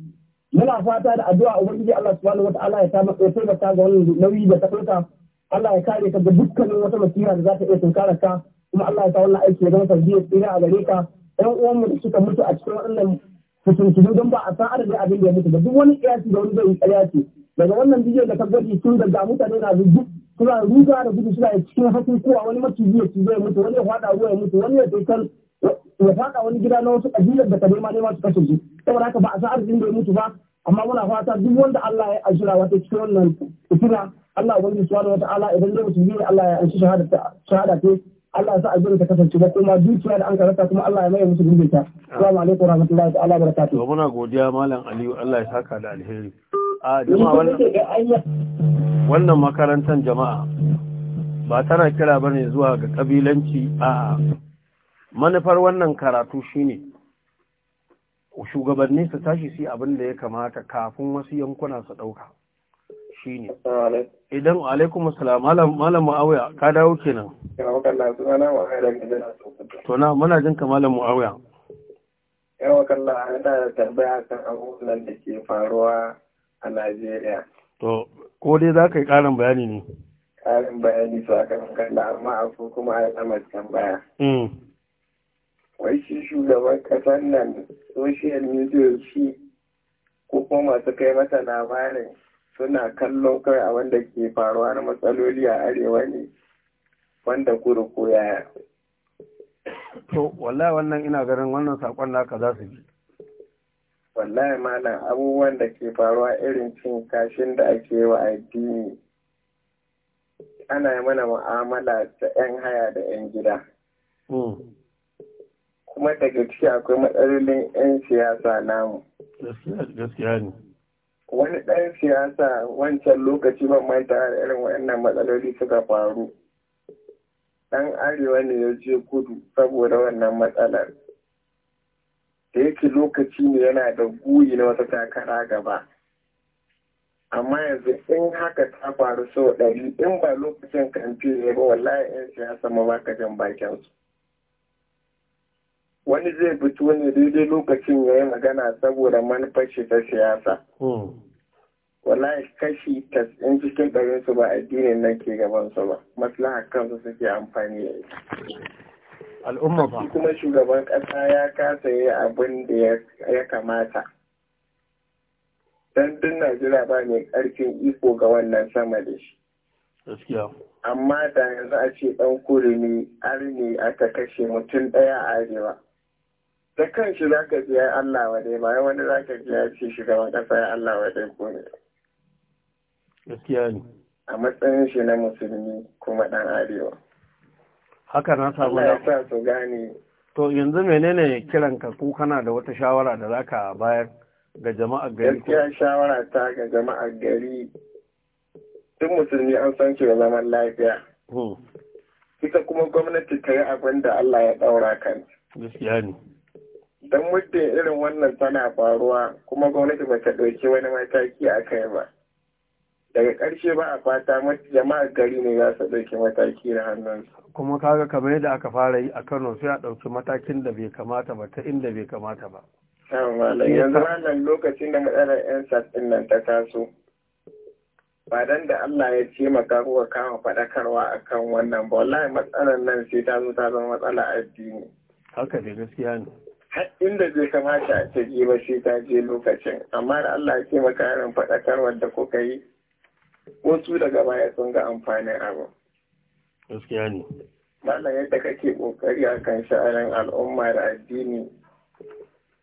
muna fata da addu'a ubangiji Allah subhanahu wataala ya samu ya taimaka ga wannan nauyi da ta ɗauka Allah ya kare ka ga dukkanin wata masira da za ta iya tunkara ka kuma Allah ya sa wannan aiki ya zama sanadiyar tsira a gare ka ɗan uwanmu da suka mutu a cikin waɗannan fitintunu don ba a san adadin abin da ya mutu ba duk wani kiyasi da wani zai yi ce. daga wannan bidiyon da ka gwaji tun daga mutane na rubu suna ruga da gudu suna cikin hakukuwa wani maciji ya ci zai mutu wani ya faɗa ruwa ya mutu wani ya tsokan ya faɗa wani gida na wasu ƙabilar da ka nema ne su kashe su saboda haka ba a sa arzikin bai mutu ba amma muna fata duk wanda Allah ya ajira wata cikin wannan fitina Allah suwa da wata ala idan zai mutu ne Allah ya anshi shahada shahada ce Allah ya sa aljanna ta kasance ba kuma dukiya da an karanta kuma Allah ya maye musu dubinta assalamu alaikum warahmatullahi ta'ala barakatuh to muna godiya malam Aliyu Allah ya saka da alheri a jama'a wannan wannan makarantar jama'a ba tana kira bane zuwa ga kabilanci a'a. manufar wannan karatu shine shugabanni su tashi su abin da ya kamata kafin wasu yankuna su ɗauka shine idan alaikum assalam malam muawiya ka dawo kenan to na muna jin ka malam muawiya yawa kallon an da tambaya kan abubuwan da ke faruwa a Najeriya. To, ko dai za ka yi ƙarin bayani ne? Ƙarin bayani su a kan kalla amma a kuma a yi tambaya. Mm. wai shi shugaban kasar nan social media shi ko kuma masu kai mata labarin suna kallon kai a wanda ke faruwa na matsaloli a arewa ne wanda ko ya to wallahi wannan ina ganin wannan sakon naka za su bi wallahi malam abubuwan da ke faruwa irin cin kashin da ake wa addini ana yi mana mu'amala ta 'yan haya da 'yan gida. Mm. kuma daga ciki akwai matsalolin 'yan siyasa namu gaskiya ne wani ɗan siyasa wancan lokaci ban manta irin waɗannan matsaloli suka faru ɗan arewa ne ya je kudu saboda wannan matsalar da yake lokaci ne yana da guyi na wata takara gaba amma yanzu in haka ta faru sau ɗari in ba lokacin kamfe ne ba wallahi 'yan siyasa ma baka jan bakin su wani zai fito ne daidai lokacin ya yi magana saboda manufar shi ta siyasa hmm. wallahi kashi tas'in cikin ɗarin su ba addinin nan ke gaban su ba maslaha kansu suke amfani da yi. al'umma ba kuma shugaban ƙasa ya kasa yi abin da ya kamata don duk najeriya ba mai ƙarfin iko ga wannan sama da shi amma da yanzu a ce ɗan har ne aka kashe mutum ɗaya a arewa da kanshi za ka ji ya Allah wadai ba wani za ka ji ya ce shugaban ƙasa ya Allah waɗe ko ne. Gaskiya ne. A matsayin shi na musulmi kuma ɗan arewa. Haka na samu na. Allah ya sa su gane. To yanzu menene kiranka ko kana da wata shawara da za ka bayar? ga jama'ar gari gaskiya shawara ta ga jama'ar gari duk musulmi an san ki zaman lafiya hmm. ita kuma gwamnati ta yi abin da Allah ya ɗaura kan gaskiya ne don muddin irin wannan tana faruwa kuma gwamnati ba ta ɗauki wani mataki a kai ba daga ƙarshe ba a fata jama'a gari ne za su ɗauki mataki da hannunsu kuma kaga kamar yadda aka fara yi a kano sai a ɗauki matakin da bai kamata ba ta inda bai kamata ba yanzu wannan lokacin da matsalar yan sassin nan ta taso ba dan da Allah ya ce maka kuka kama faɗakarwa a kan wannan ba wallahi matsalar nan sai ta zo ta zama matsala addini haka da gaskiya ne inda zai kamata a ce ba sai ta je lokacin amma da Allah ya taimaka karin faɗakarwar da kuka yi wasu daga baya sun ga amfanin abu. Gaskiya ne. Malam yadda kake kokari akan sha'anin al'umma da addini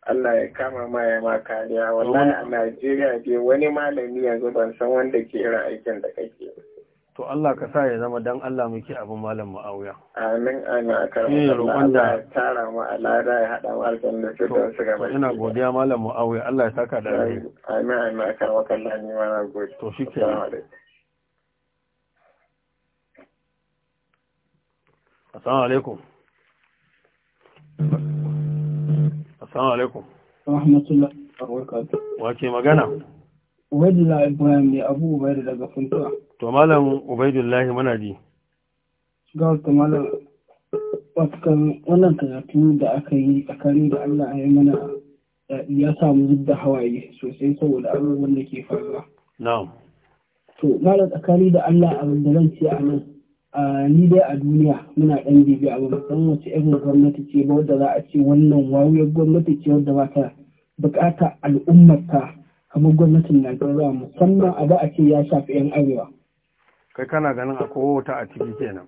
Allah ya kama ma ya ma kariya wallahi a Najeriya dai wani malami yanzu ban san wanda ke irin aikin da kake to Allah ka sa ya zama dan Allah muke abin malam ma'auya. Amin amin a karfin Allah ya tara mu a lada ya haɗa mu aljanna ce da su gaba. Ina godiya malam ma'auya Allah ya saka da rai. Amin amin a karfin Allah ne ma na gode. To shi ke. Assalamu alaikum. Assalamu alaikum. Rahmatullahi Wa barakatuh. ke magana? Wadda Ibrahim ne Abu Ubaida daga Funtuwa. to malam ubaidullahi muna ji ga wata malam wannan karatu da aka yi tsakani da allah ya mana ya samu zubda hawaye sosai saboda abubuwan da ke faruwa na'am to malam tsakani da allah abin da zan ce a nan a ni dai a duniya muna ɗan bibi a musan wace irin gwamnati ce ba wadda za a ce wannan wawuyar gwamnati ce wadda ba ta bukata al'ummarta kamar gwamnatin Najeriya musamman a ba a ce ya shafi 'yan arewa. kai kana ganin akwai wata a ciki kenan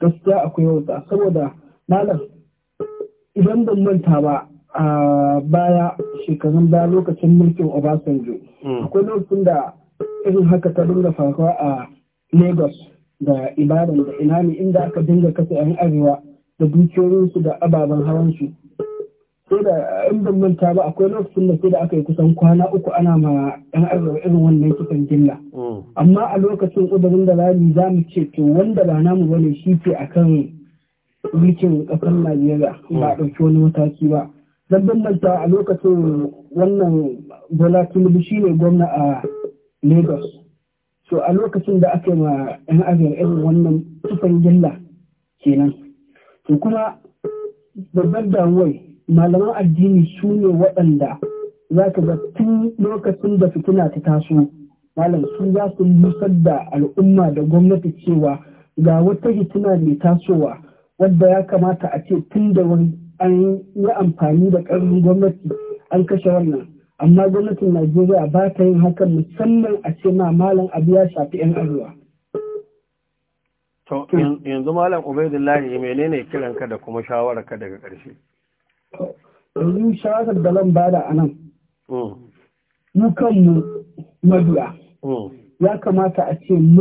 gaskiya akwai wata saboda malam idan ban manta ba a baya shekarun baya lokacin mulkin obasanjo hmm. akwai lokacin da irin haka ta dinga faruwa a lagos da ibadan da inani inda aka dinga kasa yan arewa da dukiyoyinsu da ababen hawansu sai da in ban manta ba akwai lokacin da sai da aka yi kusan kwana uku ana ma yan arziki irin wannan kisan gilla mm. amma a lokacin udarin da rami za mu ce to wanda ba namu bane shi ke akan mulkin kasar Najeriya ba a ɗauki wani mataki ba Dan bambanta a lokacin wannan Bola Tinubu shi ne gwamna a Lagos so a lokacin da aka yi ma yan arziki irin wannan kisan gilla kenan to kuma babban damuwar malaman addini su ne waɗanda za ka ga tun lokacin da fitina ta taso malam su za su nusar da al'umma da gwamnati cewa ga wata fitina mai tasowa wadda ya kamata a ce tun da wani an yi amfani da ƙarfin gwamnati an kashe wannan amma gwamnatin najeriya ba ta yin hakan musamman a ce ma malam abu ya shafi 'yan arewa to yanzu malam ubaidullahi menene kiranka da kuma shawararka daga ƙarshe yanzu shawarar da zan bada a nan hmm. mu kanmu madu'a hmm. ya kamata a ce um,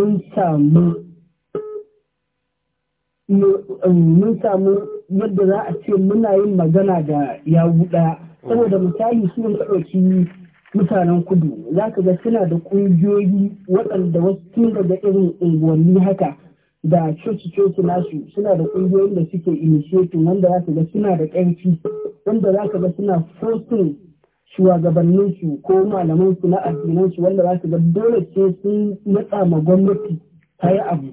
mun samu yadda za a ce muna yin magana da yawu ɗaya hmm. saboda misali su yin ɗauki mutanen kudu za ka ga suna da ƙungiyoyi waɗanda wasu daga irin unguwanni haka da coci-coci nasu suna da ƙungiyoyin da suke initiating wanda za ka ga suna da ƙarfi Wanda za ka ga suna fosin shugabanninsu ko malamansu na addinansu wanda za ka ga dole ce sun matsa ma gwamnati ta yi abu.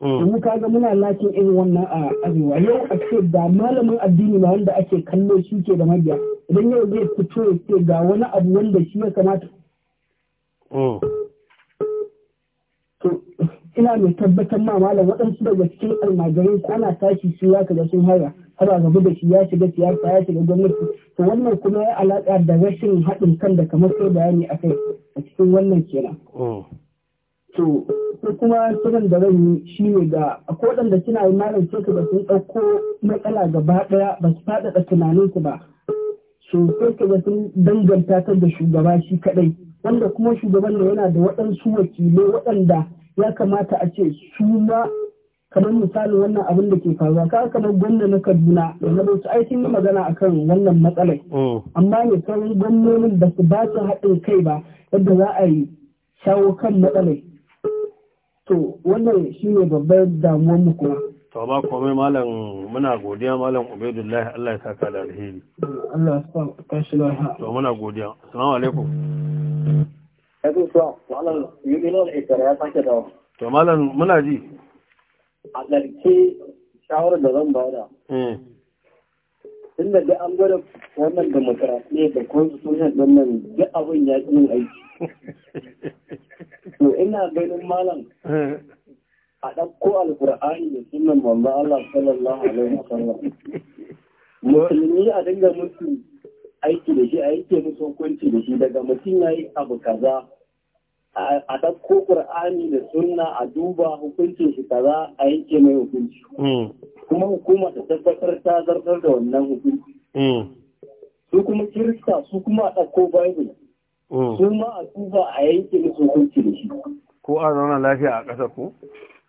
Hmm. Domin ka ga muna lakin irin wannan a arewa yau a ce da malamin addini ma wanda ake kallo shi ke da mabiya idan yau zai fito ya ce ga wani abu wanda shi ya kamata. Hmm. ina mai tabbatar ma malam waɗansu daga cikin almajirai ana tashi shi ya ga sun haya ana gaba da shi ya shiga siyasa ya shiga gwamnati to wannan kuma ya alaka da rashin haɗin kan da kamar sai bayani a kai a cikin wannan kenan. Mm. to ko kuma kiran da zan yi shi ne ga akwai waɗanda suna yi malam sai ka sun ɗauko matsala gaba ɗaya ba su faɗaɗa su ba to sai ka ga sun danganta ta da shugaba shi kaɗai wanda kuma shugaban da yana da waɗansu wakilai waɗanda ya kamata a ce su ma kamar misalin wannan abin da ke faruwa ka kamar gwamna na kaduna da na bauchi ai sun yi magana kan wannan matsalar mm. amma ne sauran gwamnonin da su ba su haɗin kai ba yadda za a yi shawo kan matsalar to wannan shi ne babbar damuwar mu kuma to ba komai malam muna godiya malam ubaidullahi Allah ya sa ka da alheri Allah ya ka shi lafiya to muna godiya assalamu alaikum fi suwa, malam, yi ilo da ya sake dawa. To malam muna ji. a ƙarshe shawarar da zan bada hmm. tun da duk an gwada wannan demokarasiyya da constitution din nan duk abin ya ƙi yin aiki to ina ganin malam hmm. a ɗauko alƙur'ani da sunan manzo Allah sallallahu alaihi wasallam musulmi a dinga musu aiki da shi a yake musu hukunci da shi daga mutum ya yi abu kaza a ɗauko ƙur'ani da sunna a duba hukuncin shi kaza a yanke mai hukunci hmm. kuma hukuma ta tabbatar ta zartar da wannan hukunci hmm. su kuma kirista su kuma a ɗauko bible hmm. su ma a duba a yanke mai hukunci da shi ko a zauna lafiya a ƙasa ko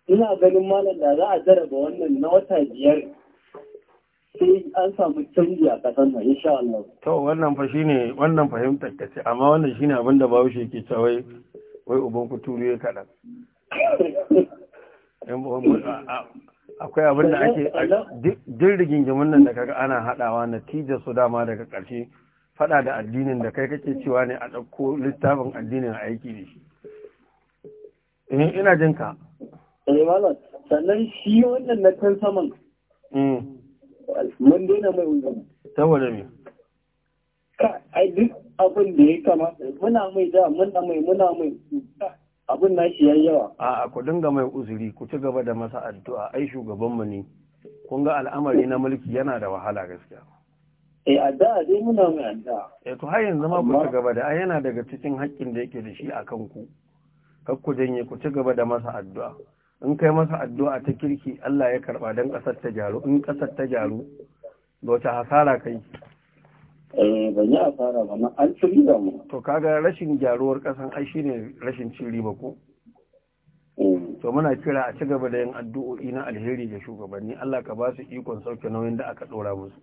ina ganin malam da za a jaraba wannan na wata biyar sai an samu canji a ƙasar nan insha Allah to wannan fa shine wannan fahimtar amma wannan shine abin da Bahaushe ke cewa wai uban ku turu ya kaɗan [LAUGHS] akwai abin da ake jirgin jimin nan da kaga ana haɗawa tijar su dama daga ƙarshe faɗa da addinin da kai kake cewa ne a ɗauko littafin addinin a aiki ne shi eh, ina jin ka eh, sannan shi wannan na kan saman mm. mun daina mai wuyan saboda me ai duk abin da ya kamata muna mai da muna mai muna mai abin na shi yayi yawa a ku dinga mai uzuri ku ci gaba da masa addu'a ai shugabanmu ne kun ga al'amari na mulki yana da wahala gaskiya eh addu'a dai muna mai addu'a eh to har yanzu ma ku ci gaba da ai yana daga cikin haƙƙin da yake da shi a kan ku kar ku janye ku ci gaba da masa addu'a in kai masa addu'a ta kirki Allah ya karba dan kasar ta jaru in kasar ta jaru Ba ta hasara kai Eh, ban yi asara ba na an ci riba mu to kaga rashin gyaruwar kasan ai shi ne rashin cin riba ko eh. to muna kira a ci gaba da yin addu'o'i na alheri ga shugabanni Allah ka ba su ikon sauke nauyin da aka ɗora musu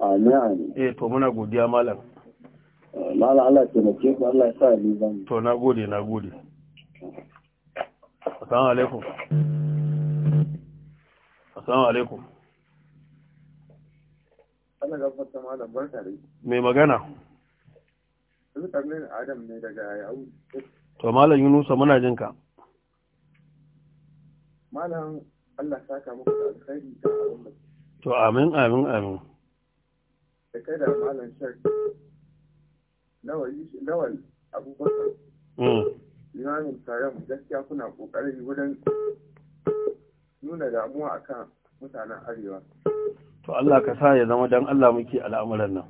amin eh to muna godiya malam eh, malam Allah ke mace ku Allah ya sa ni zan to na gode na gode. assalamu alaikum assalamu alaikum Ana gafarta malam barka da Mai magana? Zulkarnin Adam ne daga Yawu. To malam Yunusa muna jin ka. Malam Allah ka muku da alkhairi da To amin amin amin. Da kai da malam Shek. Lawal Abubakar. Limamin hmm. taron gaskiya kuna kokari wurin nuna damuwa akan mutanen Arewa. to Allah ka sa ya zama dan Allah muke al'amuran nan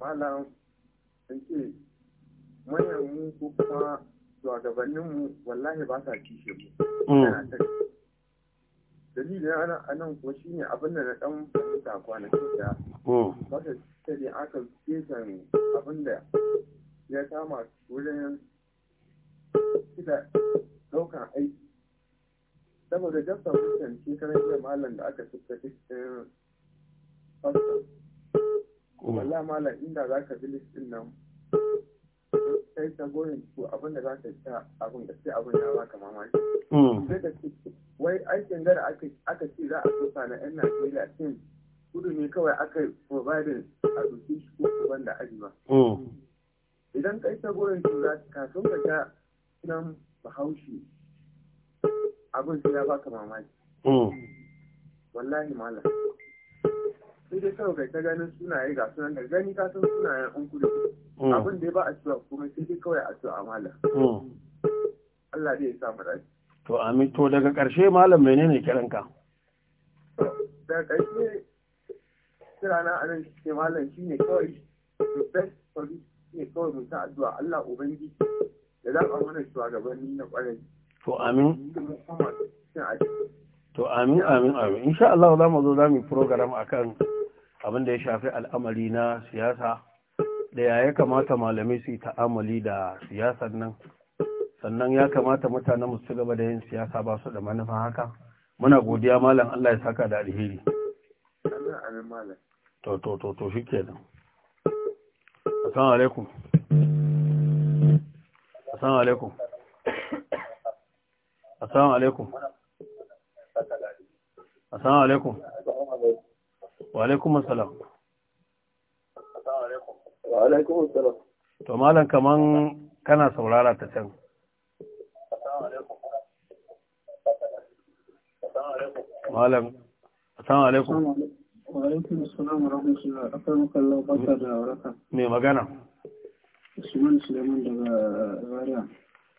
malam sun ce mu ko kuma wallahi ba sa kishe mu mm. dalilin ana anan kuwa shi ne abin na dan fahimta kwanakin mm. da ba ta tare aka keta abin abinda ya kama wurin kida daukan aiki saboda jan samun shi kanan jiya malam da aka suka cikin fasta wallah malam inda za ka bi listin nan sai ta goyin su abin da za ka sha abin da sai abin ya baka mamaki hmm. sai ka ce wai aikin da aka ce za a sosa na yan najeriya sin kudu ne kawai aka yi providing a duki shi ko kuban da ajiyar hmm. idan kai ta goyin su za ka kafin ka ga nan bahaushe abin ya baka mamaki hmm. wallahi malam sai dai kawai kai ta ganin sunaye ga sunan da gani ka san sunayen an kudu hmm. abin da ba a cewa kuma sai dai kawai a cewa malam hmm. Allah zai sa mu dace. to amin to daga ƙarshe malam menene kiranka daga ƙarshe kirana a nan shi malam ne kawai the best police ne kawai mun ta addu'a Allah ubangiji da za a mana shugabanni na ƙwarai to amin to amin amin amin insha Allah za mu zo za mu program akan abin da ya shafi al'amari na siyasa da ya kamata malamai su yi ta'amali da siyasar nan sannan ya kamata mutanen su gaba da yin siyasa ba su da manufa haka muna godiya malam Allah ya saka da alheri to to to to shikenan assalamu alaikum assalamu alaikum assalamu alaikum assalamu alaikum wa alaikum assalam wa alaikum assalam to malam kaman kana saurara ta can malam assalamu alaikum wa alaikum assalam wa rahmatullahi wa akwai makallau barka da waraka me magana Usman Suleiman daga Zaria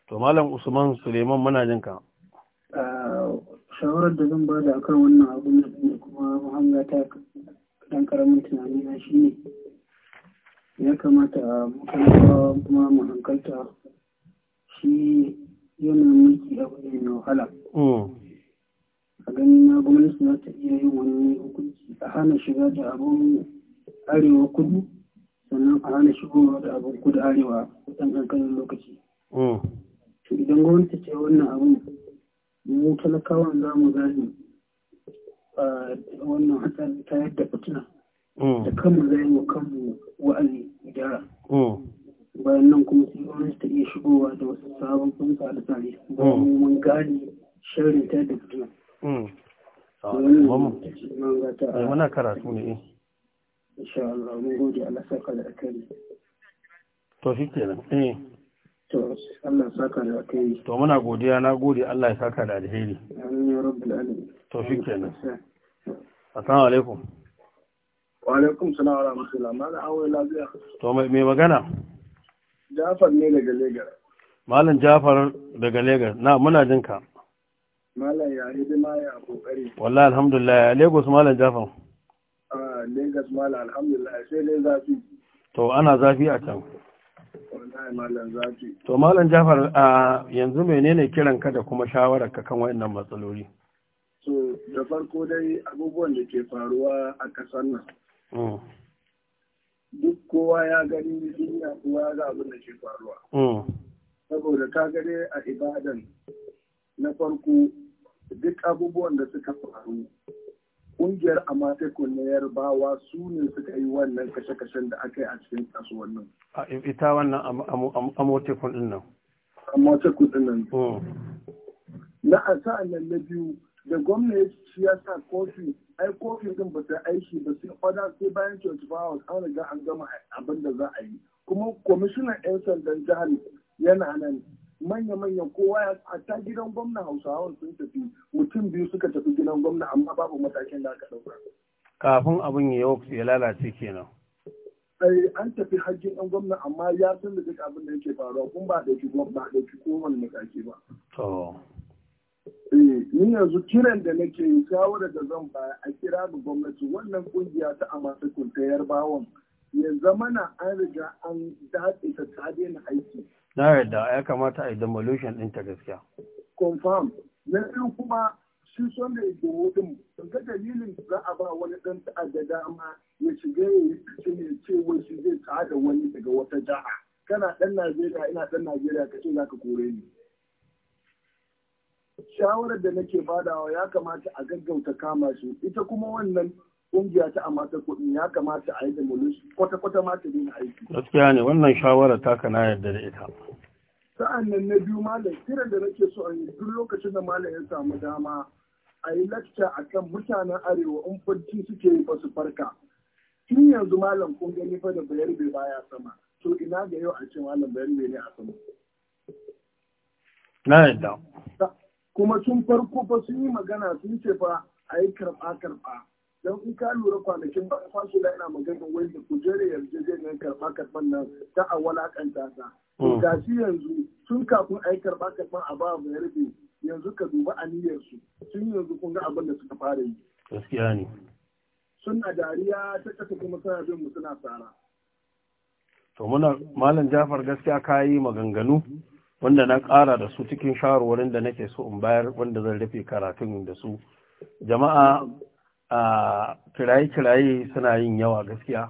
to malam Usman Suleiman muna jinka shawarar da zan bada akan wannan abun da kuma mahanga ta dan karamin tunani na shine ya kamata a kuma mu hankalta shi yana mulki abu ne na wahala mm. a gani na gwamnati za ta iya yin wani hukunci a hana shiga da abun arewa kudu sannan a hana shigowa da abun kudu arewa ɗan kankanin lokaci mm. idan gwamnati ce wannan abun mu talakawan za mu gane wannan hatsar ta yadda fitina mm. da kanmu za yi wa kanmu wa'azi gyara mm. bayan nan kuma sai wani ta iya shigowa da wasu sabon funsa da tsari mu mm. mun gane shirin ta yadda fitina eh, muna karatu ne eh. insha Allah mun gode Allah saka da akari to shi kenan eh To, Allah saka da alheri. To, muna godiya na gode Allah ya saka da alheri. To, shi kenan. Assalamu alaikum. Wa alaikum suna wa rahmatullah. Malam awon lafiya. To, mai magana? Jafar ne daga Legas. Malam Jafar daga Legas. Na, muna jin ka. Malin ya hidima ya kokari. Wallah, alhamdulillah. Lagos Malam Jafar. Ah, Legas Malam alhamdulillah. Sai dai zafi. To, ana zafi a can. to malam jafar a yanzu menene kiranka da kuma shawarar ka kan waɗannan matsaloli so da farko dai abubuwan da ke faruwa a ƙasar nan mm. duk kowa ya gani duniya kowa ga abin da ke faruwa mm. saboda ka gare a ibadan na farko duk abubuwan da suka faru ƙungiyar Amafeko na Yarbawa su ne suka yi wannan kashe-kashen da aka yi a cikin kasuwannin. A ita wannan Amotekun ɗin nan. Amotekun ɗin nan. Mm. Na a sa'an nan na biyu da gwamnati ya sa kofi ai kofi din ba ta aiki ba sai oda sai bayan 24 hours an riga an gama abin da za a yi kuma kwamishinan 'yan sandan jihar yana nan manya-manyan kowa a ta gidan gwamna hausawa sun tafi mutum biyu suka tafi gidan gwamna amma babu matakin da aka ɗauka. kafin abin ya yau ya lalace kenan. Eh, an tafi hajji ɗan gwamna amma ya san da duk abin da yake faruwa kun ba da ki gwamna da ki kowane mataki ba. to. Eh, ni yanzu kiran da nake yi shawarar da zan baya a kira da gwamnati wannan kungiya ta amasa kuntayar bawon yanzu ya zamana an riga an datse ta ta aiki na yarda ya kamata a yi demolition ɗin ta gaskiya confirm na biyu kuma shi son da yake hudun ga dalilin za a ba wani ɗan ta'adda dama ya shiga ya yi kace ne ce wai shi zai tsada wani daga wata jaha kana ɗan Najeriya ina ɗan Najeriya ka ce za ka kore ni shawarar da nake badawa ya kamata a gaggauta kama shi ita kuma wannan kungiya ta a mata kuɗi ya kamata a yi da mulus kwata-kwata ma ta na aiki. Gaskiya ne wannan shawara ta kana yarda da ita. Sa'an nan na biyu malam kiran da nake so a yi duk lokacin da malam ya samu dama a yi lakca a kan mutanen arewa in farci suke yi ba su farka. Tun yanzu malam kun gani fa da bayar bai baya sama. To ina ga yau a ce malam bayar bai ne a sama. Na yadda. Kuma tun farko fa sun yi magana sun ce fa a yi karɓa-karɓa. don in ka lura kwanakin ba fasula yana magana da kujere ne karɓa karɓar nan ta a walakanta ta mm. ga shi yanzu sun kafin a yi karɓa karɓar a ba mai rabe yanzu ka duba aniyarsu tun yanzu kun ga abin da suka fara yi gaskiya ne suna dariya ta ƙasa kuma suna bin mu suna tsara to muna malam jafar gaskiya ka yi maganganu wanda na ƙara da su cikin shawarwarin da nake so in bayar wanda zan rufe karatun da su jama'a a kiraye-kiraye suna yin yawa gaskiya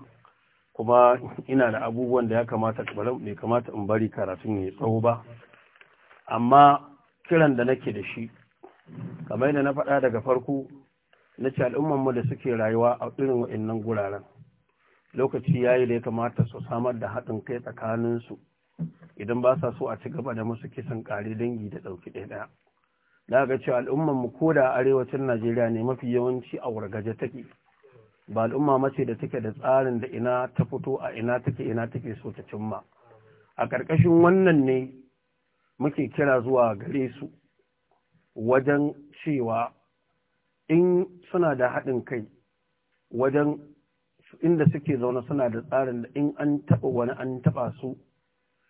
kuma ina da abubuwan da ya kamata bai kamata in bari karatun ya tsawo ba amma kiran da nake da shi kamar da na faɗa daga farko na ce al'ummanmu da suke rayuwa a irin wa'annan guraren lokaci ya yi da ya kamata su samar da haɗin kai tsakaninsu idan ba sa so a ci gaba da musu kisan ƙare dangi da ɗauki ɗaya ɗaya da ga cewa al'ummar mu koda arewacin Najeriya ne mafi yawanci a wargaje take ba al'umma mace da take da tsarin da ina ta fito a ina take ina take so ta cimma a ƙarƙashin wannan ne muke kira zuwa gare su wajen cewa in suna da haɗin kai wajen inda suke zaune suna da tsarin da in an taɓa wani an taɓa su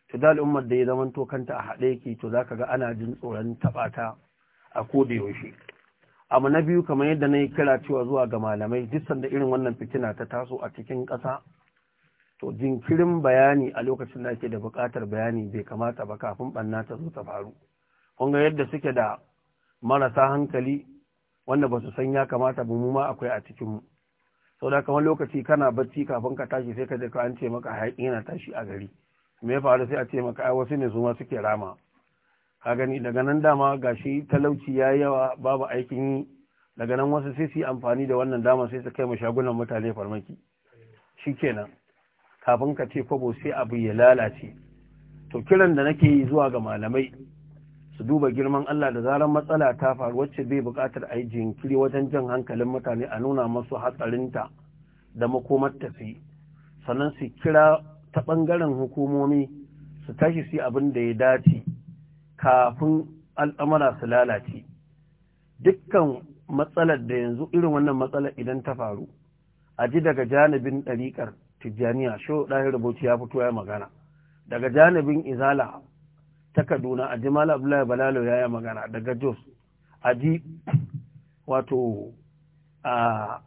to da al'ummar da ya zamanto kanta a haɗe yake to za ka ga ana jin tsoron taɓa ta a koda yaushe abu na biyu kamar yadda na yi kira cewa zuwa ga malamai duk sanda irin wannan fitina ta taso a cikin ƙasa to jinkirin bayani a lokacin da ake da buƙatar bayani bai kamata ba kafin ɓanna ta zo ta faru kun ga yadda suke da marasa hankali wanda ba su san ya kamata ba mu ma akwai a cikin mu sau da kamar lokaci kana bacci kafin ka tashi sai ka je ka an ce maka hayaƙi yana tashi a gari me ya faru sai a ce maka ai wasu ne su ma suke rama ka gani daga nan dama gashi talauci ya yawa babu aikin yi daga nan wasu sai su yi amfani da wannan dama sai su kai shagunan mutane farmaki shi kenan kafin ka ce fabo sai abu ya lalace to kiran da nake yi zuwa ga malamai su duba girman Allah da zarar matsala ta faru wacce bai buƙatar a yi jinkiri wajen jan hankalin mutane a nuna masu hatsarinta da makomar tafi sannan su kira ta ɓangaren hukumomi su tashi su abin da ya dace kafin al'amara su lalace dukkan matsalar da yanzu irin wannan matsalar idan ta faru a ji daga janibin ɗariƙar tijjaniya sho ɗahir rubuci ya fito ya magana daga janibin izala ta kaduna a ji mala abdullahi balalo ya yi magana daga jos a ji wato a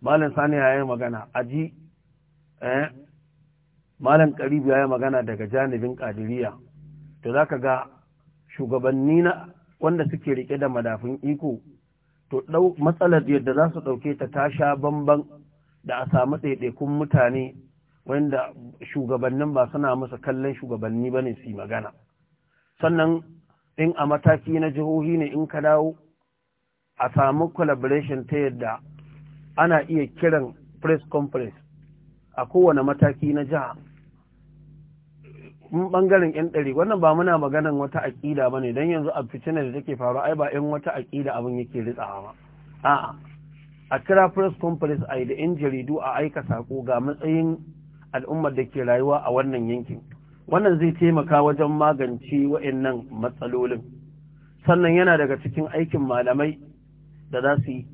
malin sani ya yi magana a ji eh, malin karibu ya yi magana daga janibin ƙadiriya to za ka ga shugabanni na wanda suke rike da madafin iko to dau matsalar yadda za su dauke ta ta sha bamban da a samu ɗaiɗaikun mutane wanda shugabannin ba suna musu kallon shugabanni ba ne su magana sannan in a mataki na jihohi ne in ka dawo a samu collaboration ta yadda ana iya kiran press conference a kowane mataki na jiha in bangaren yan ɗari wannan ba muna maganan wata aƙida ba ne don yanzu a fitinar da take faruwa ai ba 'yan wata aƙida abin yake ritsawa ba a'a a kira press conference a yi da yan jaridu a aika sako ga matsayin al'ummar da ke rayuwa a wannan yankin wannan zai taimaka wajen magance wa'annan matsalolin sannan yana daga cikin aikin malamai da za su yi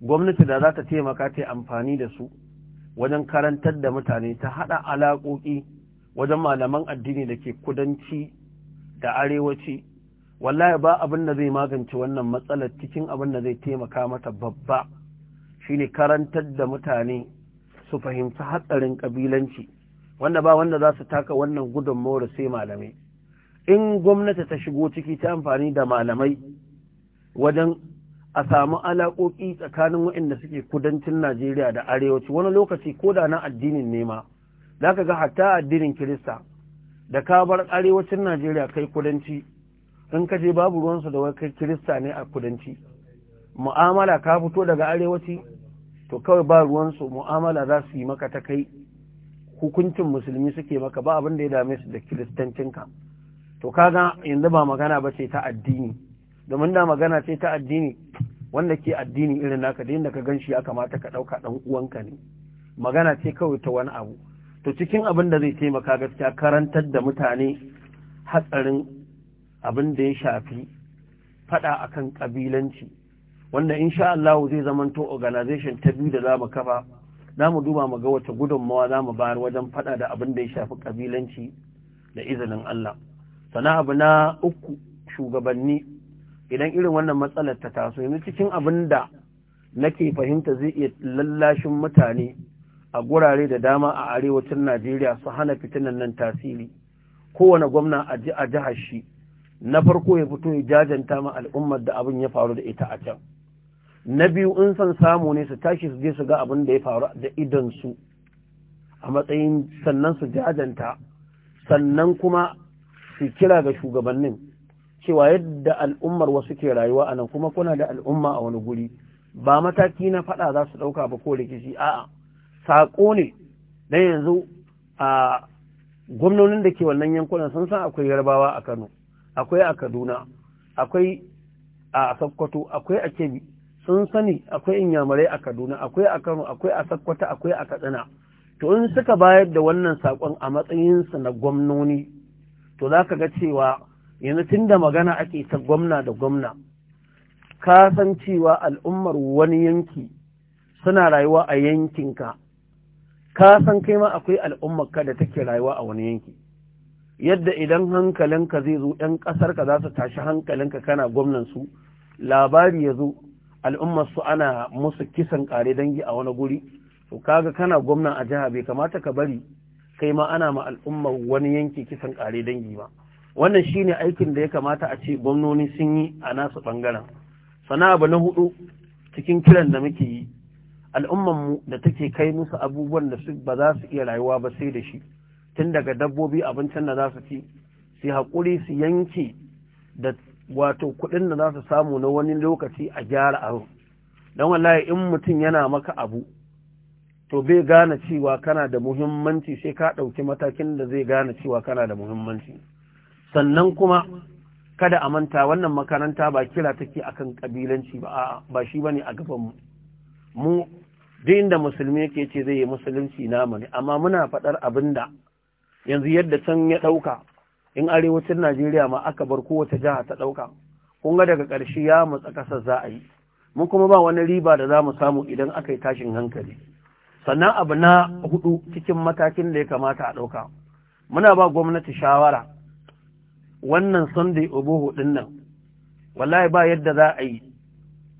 gwamnati da za ta taimaka ta yi amfani da su wajen karantar da mutane ta haɗa alaƙoƙi wajen malaman addini da ke kudanci da arewaci wallahi ba abin da zai magance wannan matsalar cikin abin da zai taimaka mata babba shine karantar da mutane su fahimci hatsarin kabilanci wanda ba wanda za su taka wannan gudunmawar sai malamai in gwamnati ta shigo ciki ta amfani da malamai wajen a samu alaƙoƙi tsakanin waɗanda suke kudancin Najeriya da arewaci wani lokaci ko da na addinin nema za ka ga hatta addinin kirista da ka bar arewacin najeriya kai kudanci in ka je babu ruwansu da wai kai kirista ne a kudanci mu'amala ka fito daga arewaci to kawai ba ruwansu mu'amala za su yi maka ta kai hukuncin musulmi suke maka ba abin da ya dame su da kiristancinka to ga yanzu ba magana ba ce ta addini domin da magana ce ta addini wanda ke addini irin naka da yadda ka gan shi ya kamata ka ɗauka ɗan uwanka ne magana ce kawai ta wani abu to cikin abin da zai taimaka gaskiya karantar da mutane hatsarin abin da ya shafi fada akan kabilanci wanda insha Allah zai zamanto organization ta biyu da zamu kafa zamu duba mu ga wata gudunmawa zamu bayar wajen fada da abin da ya shafi kabilanci da izinin Allah sana abu na uku shugabanni idan irin wannan matsalar ta taso yanzu cikin abin da nake fahimta zai iya lallashin mutane a gurare da dama a arewacin Najeriya su hana fitinan nan tasiri kowane gwamna a jihar shi na farko ya fito ya jajanta ma al'ummar da abin ya faru da ita a can na biyu in san samu ne su tashi su je su ga abin da ya faru da idan su a matsayin sannan su jajanta sannan kuma su kira ga shugabannin cewa yadda al'ummar wasu ke rayuwa a nan kuma kuna da al'umma a wani guri ba mataki na faɗa za su ɗauka ba ko rikici a'a saƙo ne dan yanzu a gwamnonin da ke wannan yankunan sun san akwai yarbawa a kano akwai a kaduna akwai a Sokoto, akwai a kebbi sun sani akwai inyamurai a kaduna akwai a kano akwai a Sokoto, akwai a katsina to in suka bayar da wannan saƙon a matsayinsu na gwamnoni to za ka ga cewa yanzu tun da magana ake ta gwamna da gwamna ka san cewa al'ummar wani yanki suna rayuwa a yankinka ka san kai ma akwai al'ummar ka da take rayuwa a wani yanki yadda idan hankalinka zai zo ɗan ƙasarka za su tashi hankalinka kana gwamnan su labari ya zo al'ummar su ana musu kisan ƙare dangi a wani guri to kaga kana gwamna a jiha bai kamata ka bari kai ma ana ma al'ummar wani yanki kisan ƙare dangi ba wannan shine aikin da ya kamata a ce gwamnoni sun yi a nasu ɓangaren Sana'a abu na hudu cikin kiran da muke yi al'ummanmu da take kai musu abubuwan da su ba za su iya rayuwa ba sai da shi tun daga dabbobi abincin da za su ci su haƙuri su yanke da wato kuɗin da za su samu na wani lokaci a gyara abu don wallahi in mutum yana maka abu to bai gane cewa kana da muhimmanci sai ka ɗauki matakin da zai gane cewa kana da muhimmanci sannan kuma kada a manta wannan makaranta ba kira take akan kabilanci ba ba shi bane a gaban mu mu duk inda musulmi yake ce zai yi musulunci namu ne amma muna faɗar abin da yanzu yadda can ya ɗauka in arewacin najeriya ma aka bar kowace jiha ta ɗauka kun ga daga ƙarshe ya matsa ƙasar za a yi mun kuma ba wani riba da za mu samu idan aka yi tashin hankali sannan abu na hudu cikin matakin da ya kamata a ɗauka muna ba gwamnati shawara wannan sunday oboho ɗin nan wallahi ba yadda za a yi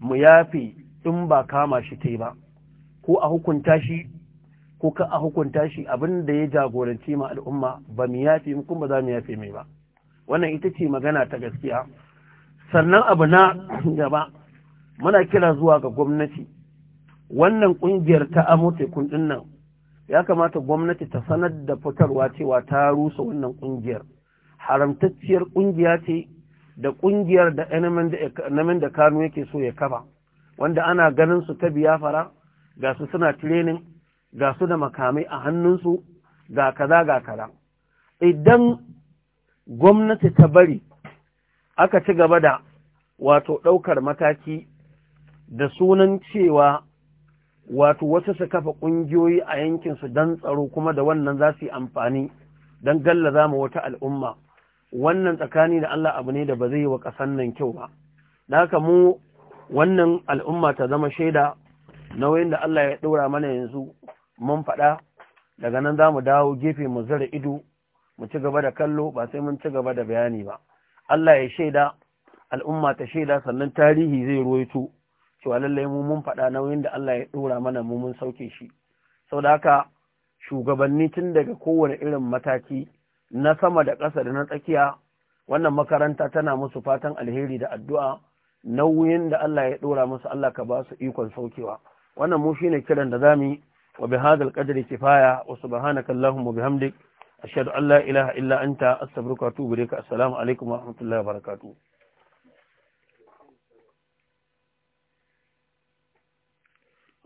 mu yafi in ba kama shi ta ba ko a hukunta shi ko ka a hukunta shi abin da ya jagoranci ma al'umma ba mu yafe mu kuma za mu yafe mai ba wannan ita ce magana ta gaskiya sannan abu na gaba muna kira zuwa ga gwamnati wannan kungiyar ta amo tekun din nan ya kamata gwamnati ta sanar da fitarwa cewa ta rusa wannan kungiyar haramtacciyar kungiya ce da kungiyar da enemin da kano yake so ya kafa wanda ana ganin su ta biya fara ga su suna tirenin, ga su da makamai a hannunsu ga kaza ga kaza idan gwamnati ta bari aka ci gaba da wato ɗaukar mataki da sunan cewa wato wasu su kafa ƙungiyoyi a yankinsu don tsaro kuma da wannan za su yi amfani don gallaza mu wata al'umma wannan tsakani da Allah abu ne da ba zai yi wa ƙasan nan kyau ba da haka mu wannan al'umma ta zama shaida nauyin da Allah ya ɗora mana yanzu mun faɗa daga nan za mu dawo gefe mu zara ido mu ci gaba da kallo ba sai mun ci gaba da bayani ba Allah ya shaida al'umma ta shaida sannan tarihi zai ruwaito cewa lallai mu mun faɗa nauyin da Allah ya ɗora mana mu mun sauke shi saboda haka shugabanni tun daga kowane irin mataki na sama da ƙasa da na tsakiya wannan makaranta tana musu fatan alheri da addu'a nauyin da Allah ya ɗora musu Allah ka ba su ikon saukewa wannan mu shine kiran da zamu yi wa bi hadal qadri kifaya wa subhanaka allahumma bihamdik ashhadu an la ilaha illa anta astaghfiruka wa atubu ilaik assalamu alaikum wa rahmatullahi wa barakatuh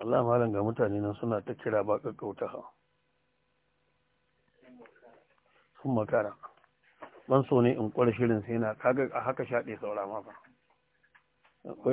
Allah malam ga mutane nan suna ta kira ba kakkauta sun makara ban so ne in kwar shirin sai na kaga a haka sha ɗaya saura ma fa